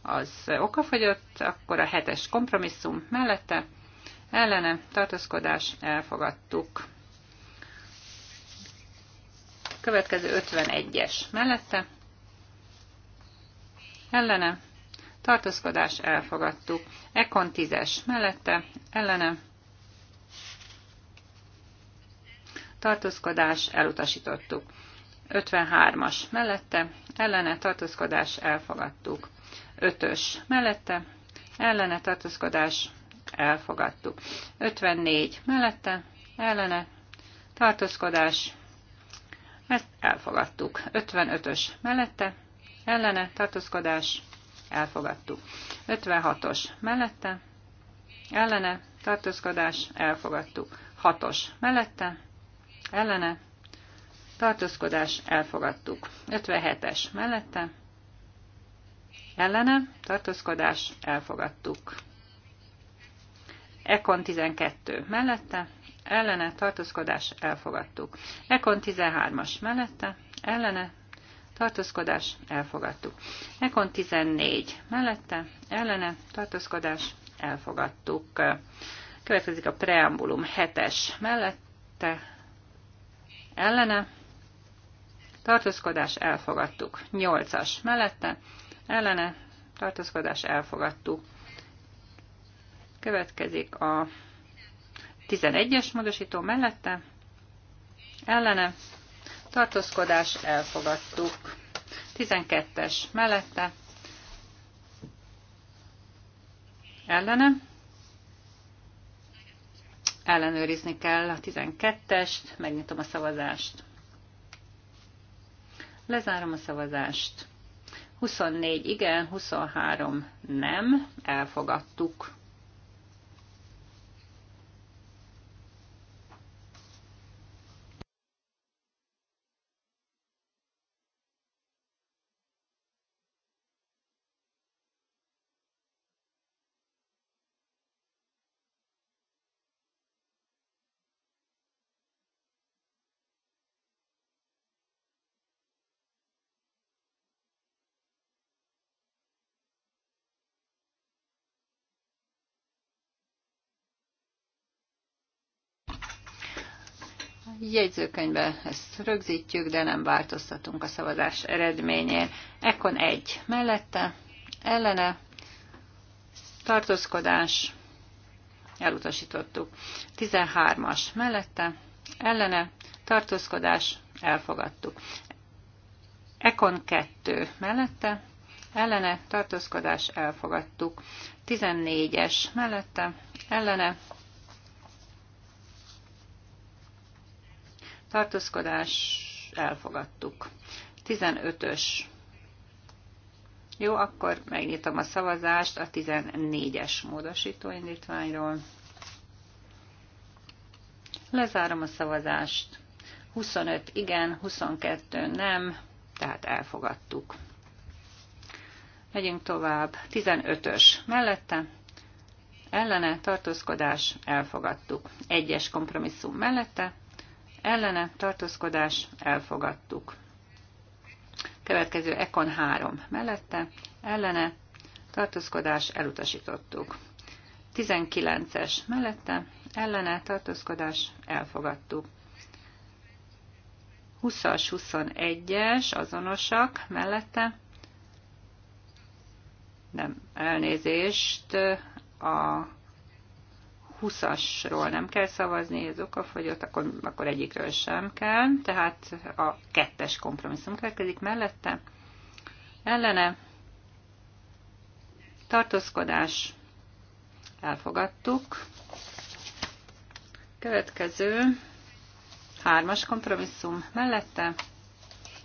az okafogyott, akkor a 7-es kompromisszum mellette, ellene, tartózkodás, elfogadtuk. Következő 51-es mellette, ellene, tartózkodás elfogadtuk. Ekon 10-es mellette, ellene, tartózkodás elutasítottuk. 53-as mellette, ellene tartózkodás elfogadtuk. 5-ös mellette, ellene tartózkodás elfogadtuk. 54 mellette, ellene tartózkodás, ezt elfogadtuk. 55-ös mellette, ellene tartózkodás elfogadtuk. 56-os mellette, ellene, tartózkodás, elfogadtuk. 6-os mellette, ellene, tartózkodás, elfogadtuk. 57-es mellette, ellene, tartózkodás, elfogadtuk. Ekon 12 mellette, ellene, tartózkodás, elfogadtuk. Ekon 13-as mellette, ellene, tartózkodás, elfogadtuk. Ekon 14 mellette, ellene, tartózkodás, elfogadtuk. Következik a preambulum 7-es mellette, ellene, tartózkodás, elfogadtuk. 8-as mellette, ellene, tartózkodás, elfogadtuk. Következik a 11-es módosító mellette, ellene, tartózkodás elfogadtuk. 12-es mellette ellene. Ellenőrizni kell a 12-est, megnyitom a szavazást. Lezárom a szavazást. 24 igen, 23 nem, elfogadtuk. jegyzőkönyvbe ezt rögzítjük, de nem változtatunk a szavazás eredményén. Ekkon egy mellette, ellene, tartózkodás, elutasítottuk. 13-as mellette, ellene, tartózkodás, elfogadtuk. Ekon 2 mellette, ellene, tartózkodás, elfogadtuk. 14-es mellette, ellene, tartózkodás, elfogadtuk. 15-ös. Jó, akkor megnyitom a szavazást a 14-es módosítóindítványról. Lezárom a szavazást. 25 igen, 22 nem, tehát elfogadtuk. Megyünk tovább. 15-ös mellette. Ellene tartózkodás elfogadtuk. 1-es kompromisszum mellette ellene tartózkodás elfogadtuk. Következő Ekon 3 mellette, ellene tartózkodás elutasítottuk. 19-es mellette, ellene tartózkodás elfogadtuk. 20-as, 21-es azonosak mellette, nem elnézést, a 20-asról nem kell szavazni, ez okafogyott, akkor, akkor egyikről sem kell. Tehát a kettes kompromisszum következik mellette. Ellene tartózkodás elfogadtuk. Következő hármas kompromisszum mellette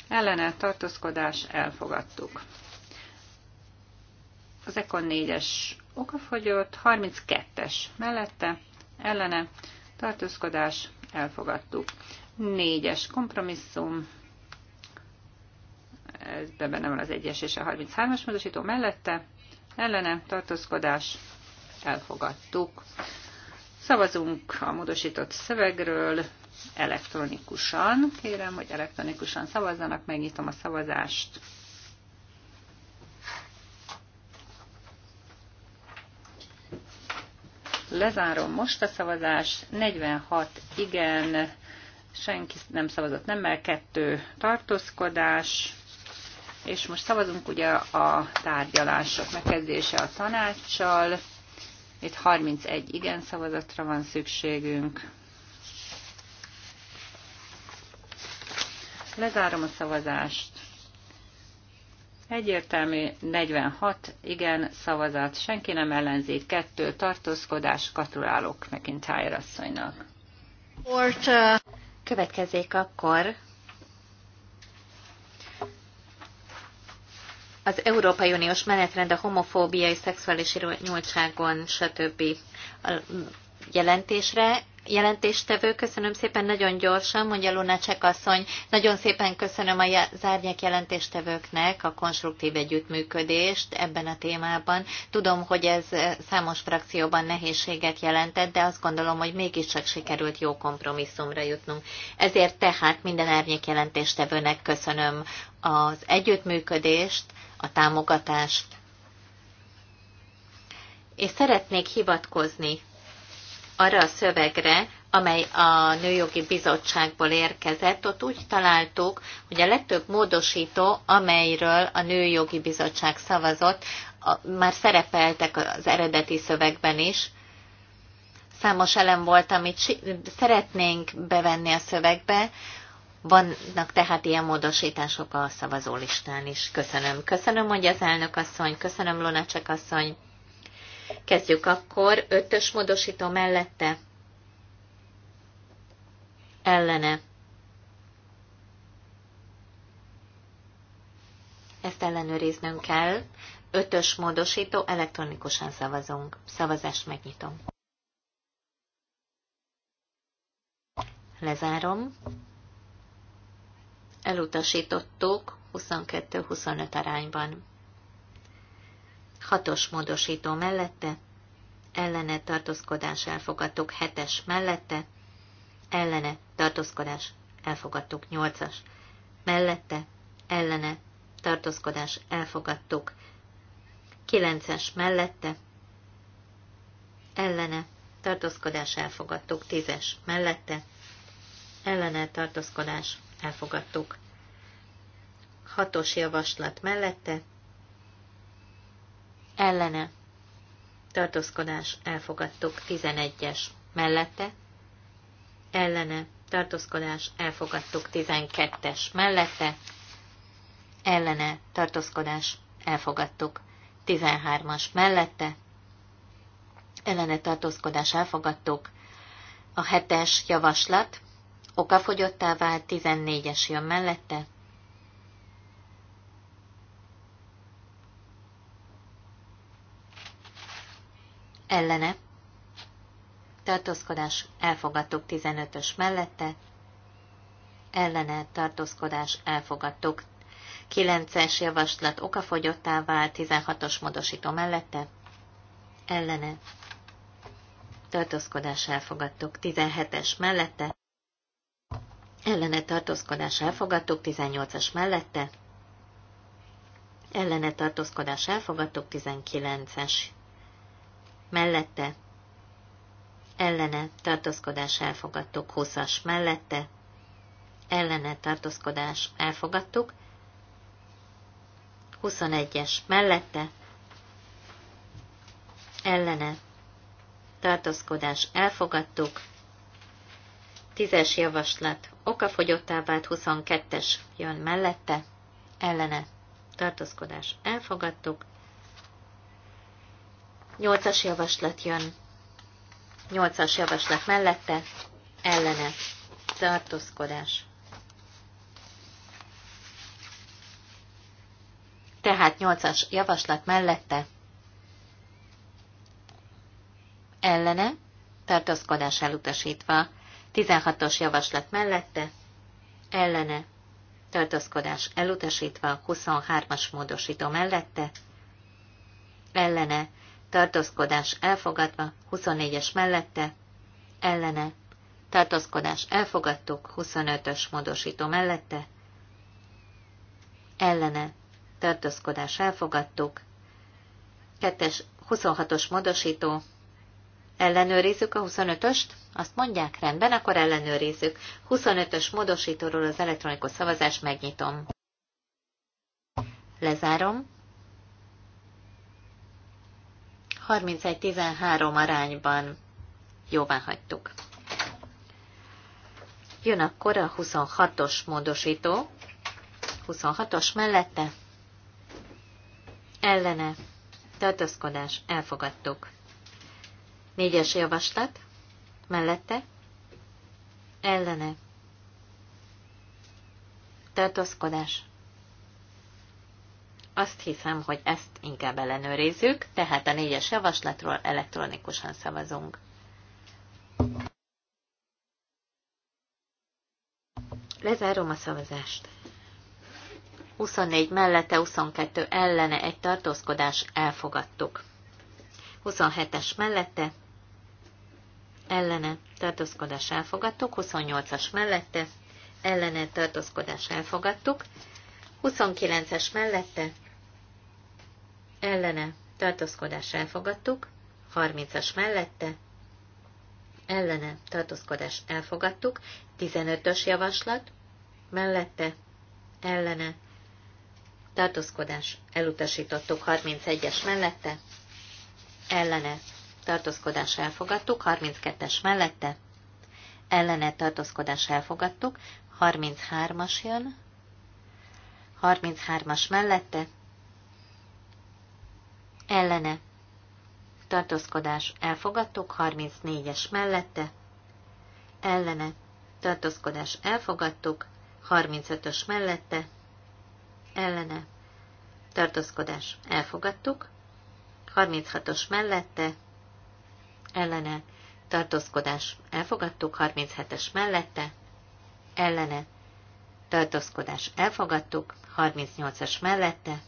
ellene tartózkodás elfogadtuk. Az Ekon 4-es okafogyott, 32-es mellette, ellene, tartózkodás, elfogadtuk. 4-es kompromisszum, ez benne van az 1-es és a 33-as módosító mellette, ellene, tartózkodás, elfogadtuk. Szavazunk a módosított szövegről elektronikusan. Kérem, hogy elektronikusan szavazzanak, megnyitom a szavazást. Lezárom most a szavazást. 46 igen, senki nem szavazott nemmel, kettő tartózkodás. És most szavazunk ugye a tárgyalások megkezdése a tanácssal. Itt 31 igen szavazatra van szükségünk. Lezárom a szavazást. Egyértelmű 46 igen szavazat, senki nem ellenzi, kettő tartózkodás, gratulálok McIntyre asszonynak. Következzék akkor az Európai Uniós menetrend a homofóbiai, szexuális nyúltságon, stb. jelentésre jelentéstevő, köszönöm szépen nagyon gyorsan, mondja Luna Csekasszony, Nagyon szépen köszönöm a zárnyek jelentéstevőknek a konstruktív együttműködést ebben a témában. Tudom, hogy ez eh, számos frakcióban nehézséget jelentett, de azt gondolom, hogy mégiscsak sikerült jó kompromisszumra jutnunk. Ezért tehát minden árnyék jelentéstevőnek köszönöm az együttműködést, a támogatást. És szeretnék hivatkozni arra a szövegre, amely a Nőjogi Bizottságból érkezett, ott úgy találtuk, hogy a legtöbb módosító, amelyről a Nőjogi Bizottság szavazott, már szerepeltek az eredeti szövegben is. Számos elem volt, amit szeretnénk bevenni a szövegbe, vannak tehát ilyen módosítások a szavazólistán is. Köszönöm. Köszönöm, hogy az elnök asszony, köszönöm Lunacek asszony. Kezdjük akkor ötös módosító mellette. Ellene. Ezt ellenőriznünk kell. Ötös módosító, elektronikusan szavazunk. Szavazást megnyitom. Lezárom. Elutasítottuk 22-25 arányban. Hatos módosító mellette, ellene tartózkodás elfogadtuk. Hetes mellette, ellene tartózkodás elfogadtuk. Nyolcas mellette, ellene tartózkodás elfogadtuk. Kilences mellette, ellene tartózkodás elfogadtuk. Tízes mellette, ellene tartózkodás elfogadtuk. Hatos javaslat mellette, ellene, tartózkodás, elfogadtuk. 11-es mellette, ellene, tartózkodás, elfogadtuk. 12-es mellette, ellene, tartózkodás, elfogadtuk. 13-as mellette, ellene tartózkodás elfogadtuk. A hetes javaslat okafogyottá vált, 14-es jön mellette, ellene, tartózkodás, elfogadtuk 15-ös mellette, ellene, tartózkodás, elfogadtuk 9-es javaslat okafogyottá vált 16-os módosító mellette, ellene, tartózkodás elfogadtuk 17-es mellette, ellene tartózkodás elfogadtuk 18 es mellette, ellene tartózkodás elfogadtuk 19-es mellette, ellene tartózkodás elfogadtuk, Húszas mellette, ellene tartózkodás elfogadtuk, 21-es mellette, ellene tartózkodás elfogadtuk, 10-es javaslat okafogyottá vált, 22-es jön mellette, ellene tartózkodás elfogadtuk, Nyolcas javaslat jön. Nyolcas javaslat mellette, ellene, tartózkodás. Tehát nyolcas javaslat mellette, ellene, tartózkodás elutasítva. 16-os javaslat mellette, ellene, tartózkodás elutasítva, 23-as módosító mellette, ellene, tartózkodás elfogadva, 24-es mellette, ellene, tartózkodás elfogadtuk, 25-ös módosító mellette, ellene, tartózkodás elfogadtuk, 2-es 26-os módosító, ellenőrizzük a 25-öst, azt mondják, rendben, akkor ellenőrizzük. 25-ös módosítóról az elektronikus szavazást megnyitom. Lezárom. 31-13 arányban jóvá hagytuk. Jön akkor a 26-os módosító. 26-os mellette ellene tartózkodás elfogadtuk. Négyes javaslat mellette ellene tartózkodás azt hiszem, hogy ezt inkább ellenőrizzük, tehát a négyes javaslatról elektronikusan szavazunk. Lezárom a szavazást. 24 mellette, 22 ellene egy tartózkodás elfogadtuk. 27-es mellette, ellene tartózkodás elfogadtuk, 28-as mellette, ellene tartózkodás elfogadtuk, 29-es mellette, ellene tartózkodás elfogadtuk, 30-as mellette ellene tartózkodás elfogadtuk, 15-ös javaslat mellette ellene tartózkodás elutasítottuk, 31-es mellette ellene tartózkodás elfogadtuk, 32-es mellette ellene tartózkodás elfogadtuk, 33-as jön, 33-as mellette ellene, tartózkodás elfogadtuk, 34-es mellette, ellene, tartózkodás elfogadtuk, 35-ös mellette, ellene, tartózkodás elfogadtuk, 36-os mellette, ellene, tartózkodás elfogadtuk, 37-es mellette, ellene, tartózkodás elfogadtuk, 38-as mellette,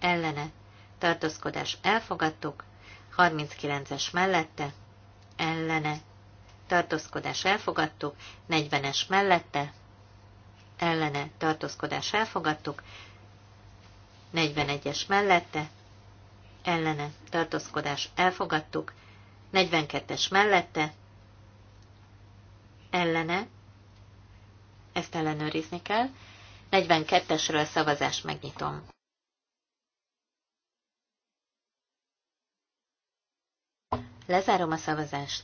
ellene, tartózkodás elfogadtuk, 39-es mellette, ellene, tartózkodás elfogadtuk, 40-es mellette, ellene, tartózkodás elfogadtuk, 41-es mellette, ellene, tartózkodás elfogadtuk, 42-es mellette, ellene, ezt ellenőrizni kell, 42-esről szavazást megnyitom. Lezárom a szavazást.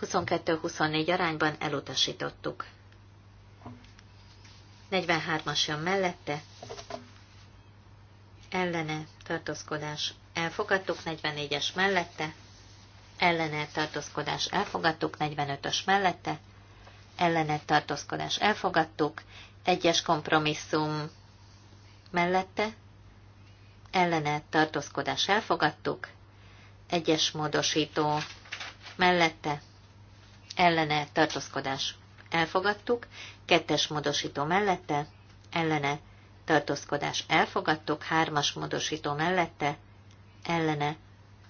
22-24 arányban elutasítottuk. 43-as jön mellette, ellene tartózkodás elfogadtuk, 44-es mellette, ellene tartózkodás elfogadtuk, 45-ös mellette, ellene tartózkodás elfogadtuk, 1-es kompromisszum mellette, ellene tartózkodás elfogadtuk, egyes módosító mellette ellene tartózkodás elfogadtuk, kettes módosító mellette ellene tartózkodás elfogadtuk, hármas módosító mellette ellene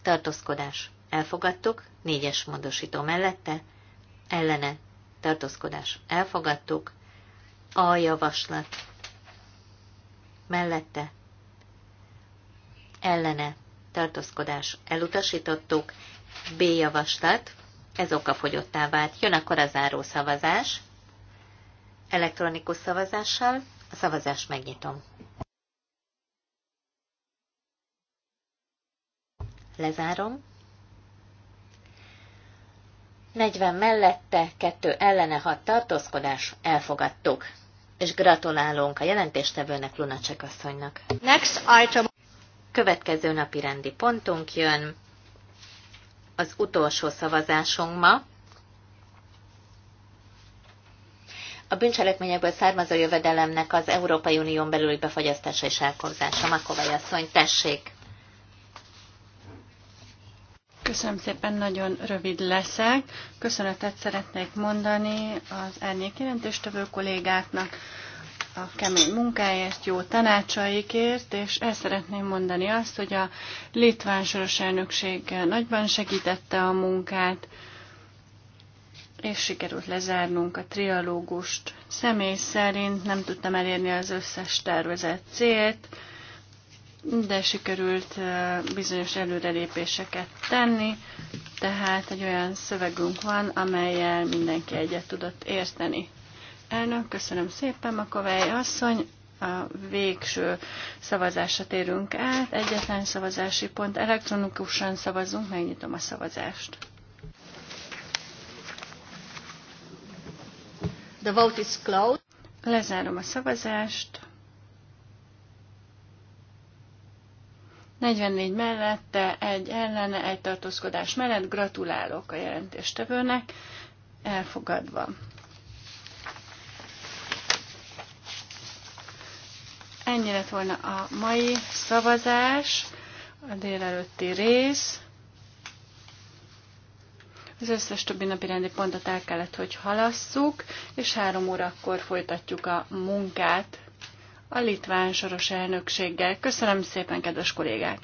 tartózkodás elfogadtuk, négyes módosító mellette ellene tartózkodás elfogadtuk, a javaslat mellette ellene tartózkodás elutasítottuk, B javaslat, ez okafogyottá vált. Jön akkor a záró szavazás, elektronikus szavazással, a szavazást megnyitom. Lezárom. 40 mellette, 2 ellene 6 tartózkodás, elfogadtuk. És gratulálunk a jelentéstevőnek Lunacek asszonynak. Next item. Következő napi rendi pontunk jön, az utolsó szavazásunk ma. A bűncselekményekből származó jövedelemnek az Európai Unión belüli befagyasztása és elkobzása. Makovai asszony, tessék! Köszönöm szépen, nagyon rövid leszek. Köszönetet szeretnék mondani az árnyék jelentéstevő kollégáknak, a kemény munkáért, jó tanácsaikért, és el szeretném mondani azt, hogy a litván soros elnökség nagyban segítette a munkát, és sikerült lezárnunk a trialógust. Személy szerint nem tudtam elérni az összes tervezett célt, de sikerült bizonyos előrelépéseket tenni, tehát egy olyan szövegünk van, amelyel mindenki egyet tudott érteni. Elnök, köszönöm szépen, Makovály asszony. A végső szavazásra térünk át. Egyetlen szavazási pont. Elektronikusan szavazunk, megnyitom a szavazást. The vote is closed. Lezárom a szavazást. 44 mellette, egy ellene, egy tartózkodás mellett. Gratulálok a jelentéstevőnek. Elfogadva. Ennyi lett volna a mai szavazás, a délelőtti rész. Az összes többi napi rendi pontot el kellett, hogy halasszuk, és három órakor folytatjuk a munkát a litván soros elnökséggel. Köszönöm szépen, kedves kollégák!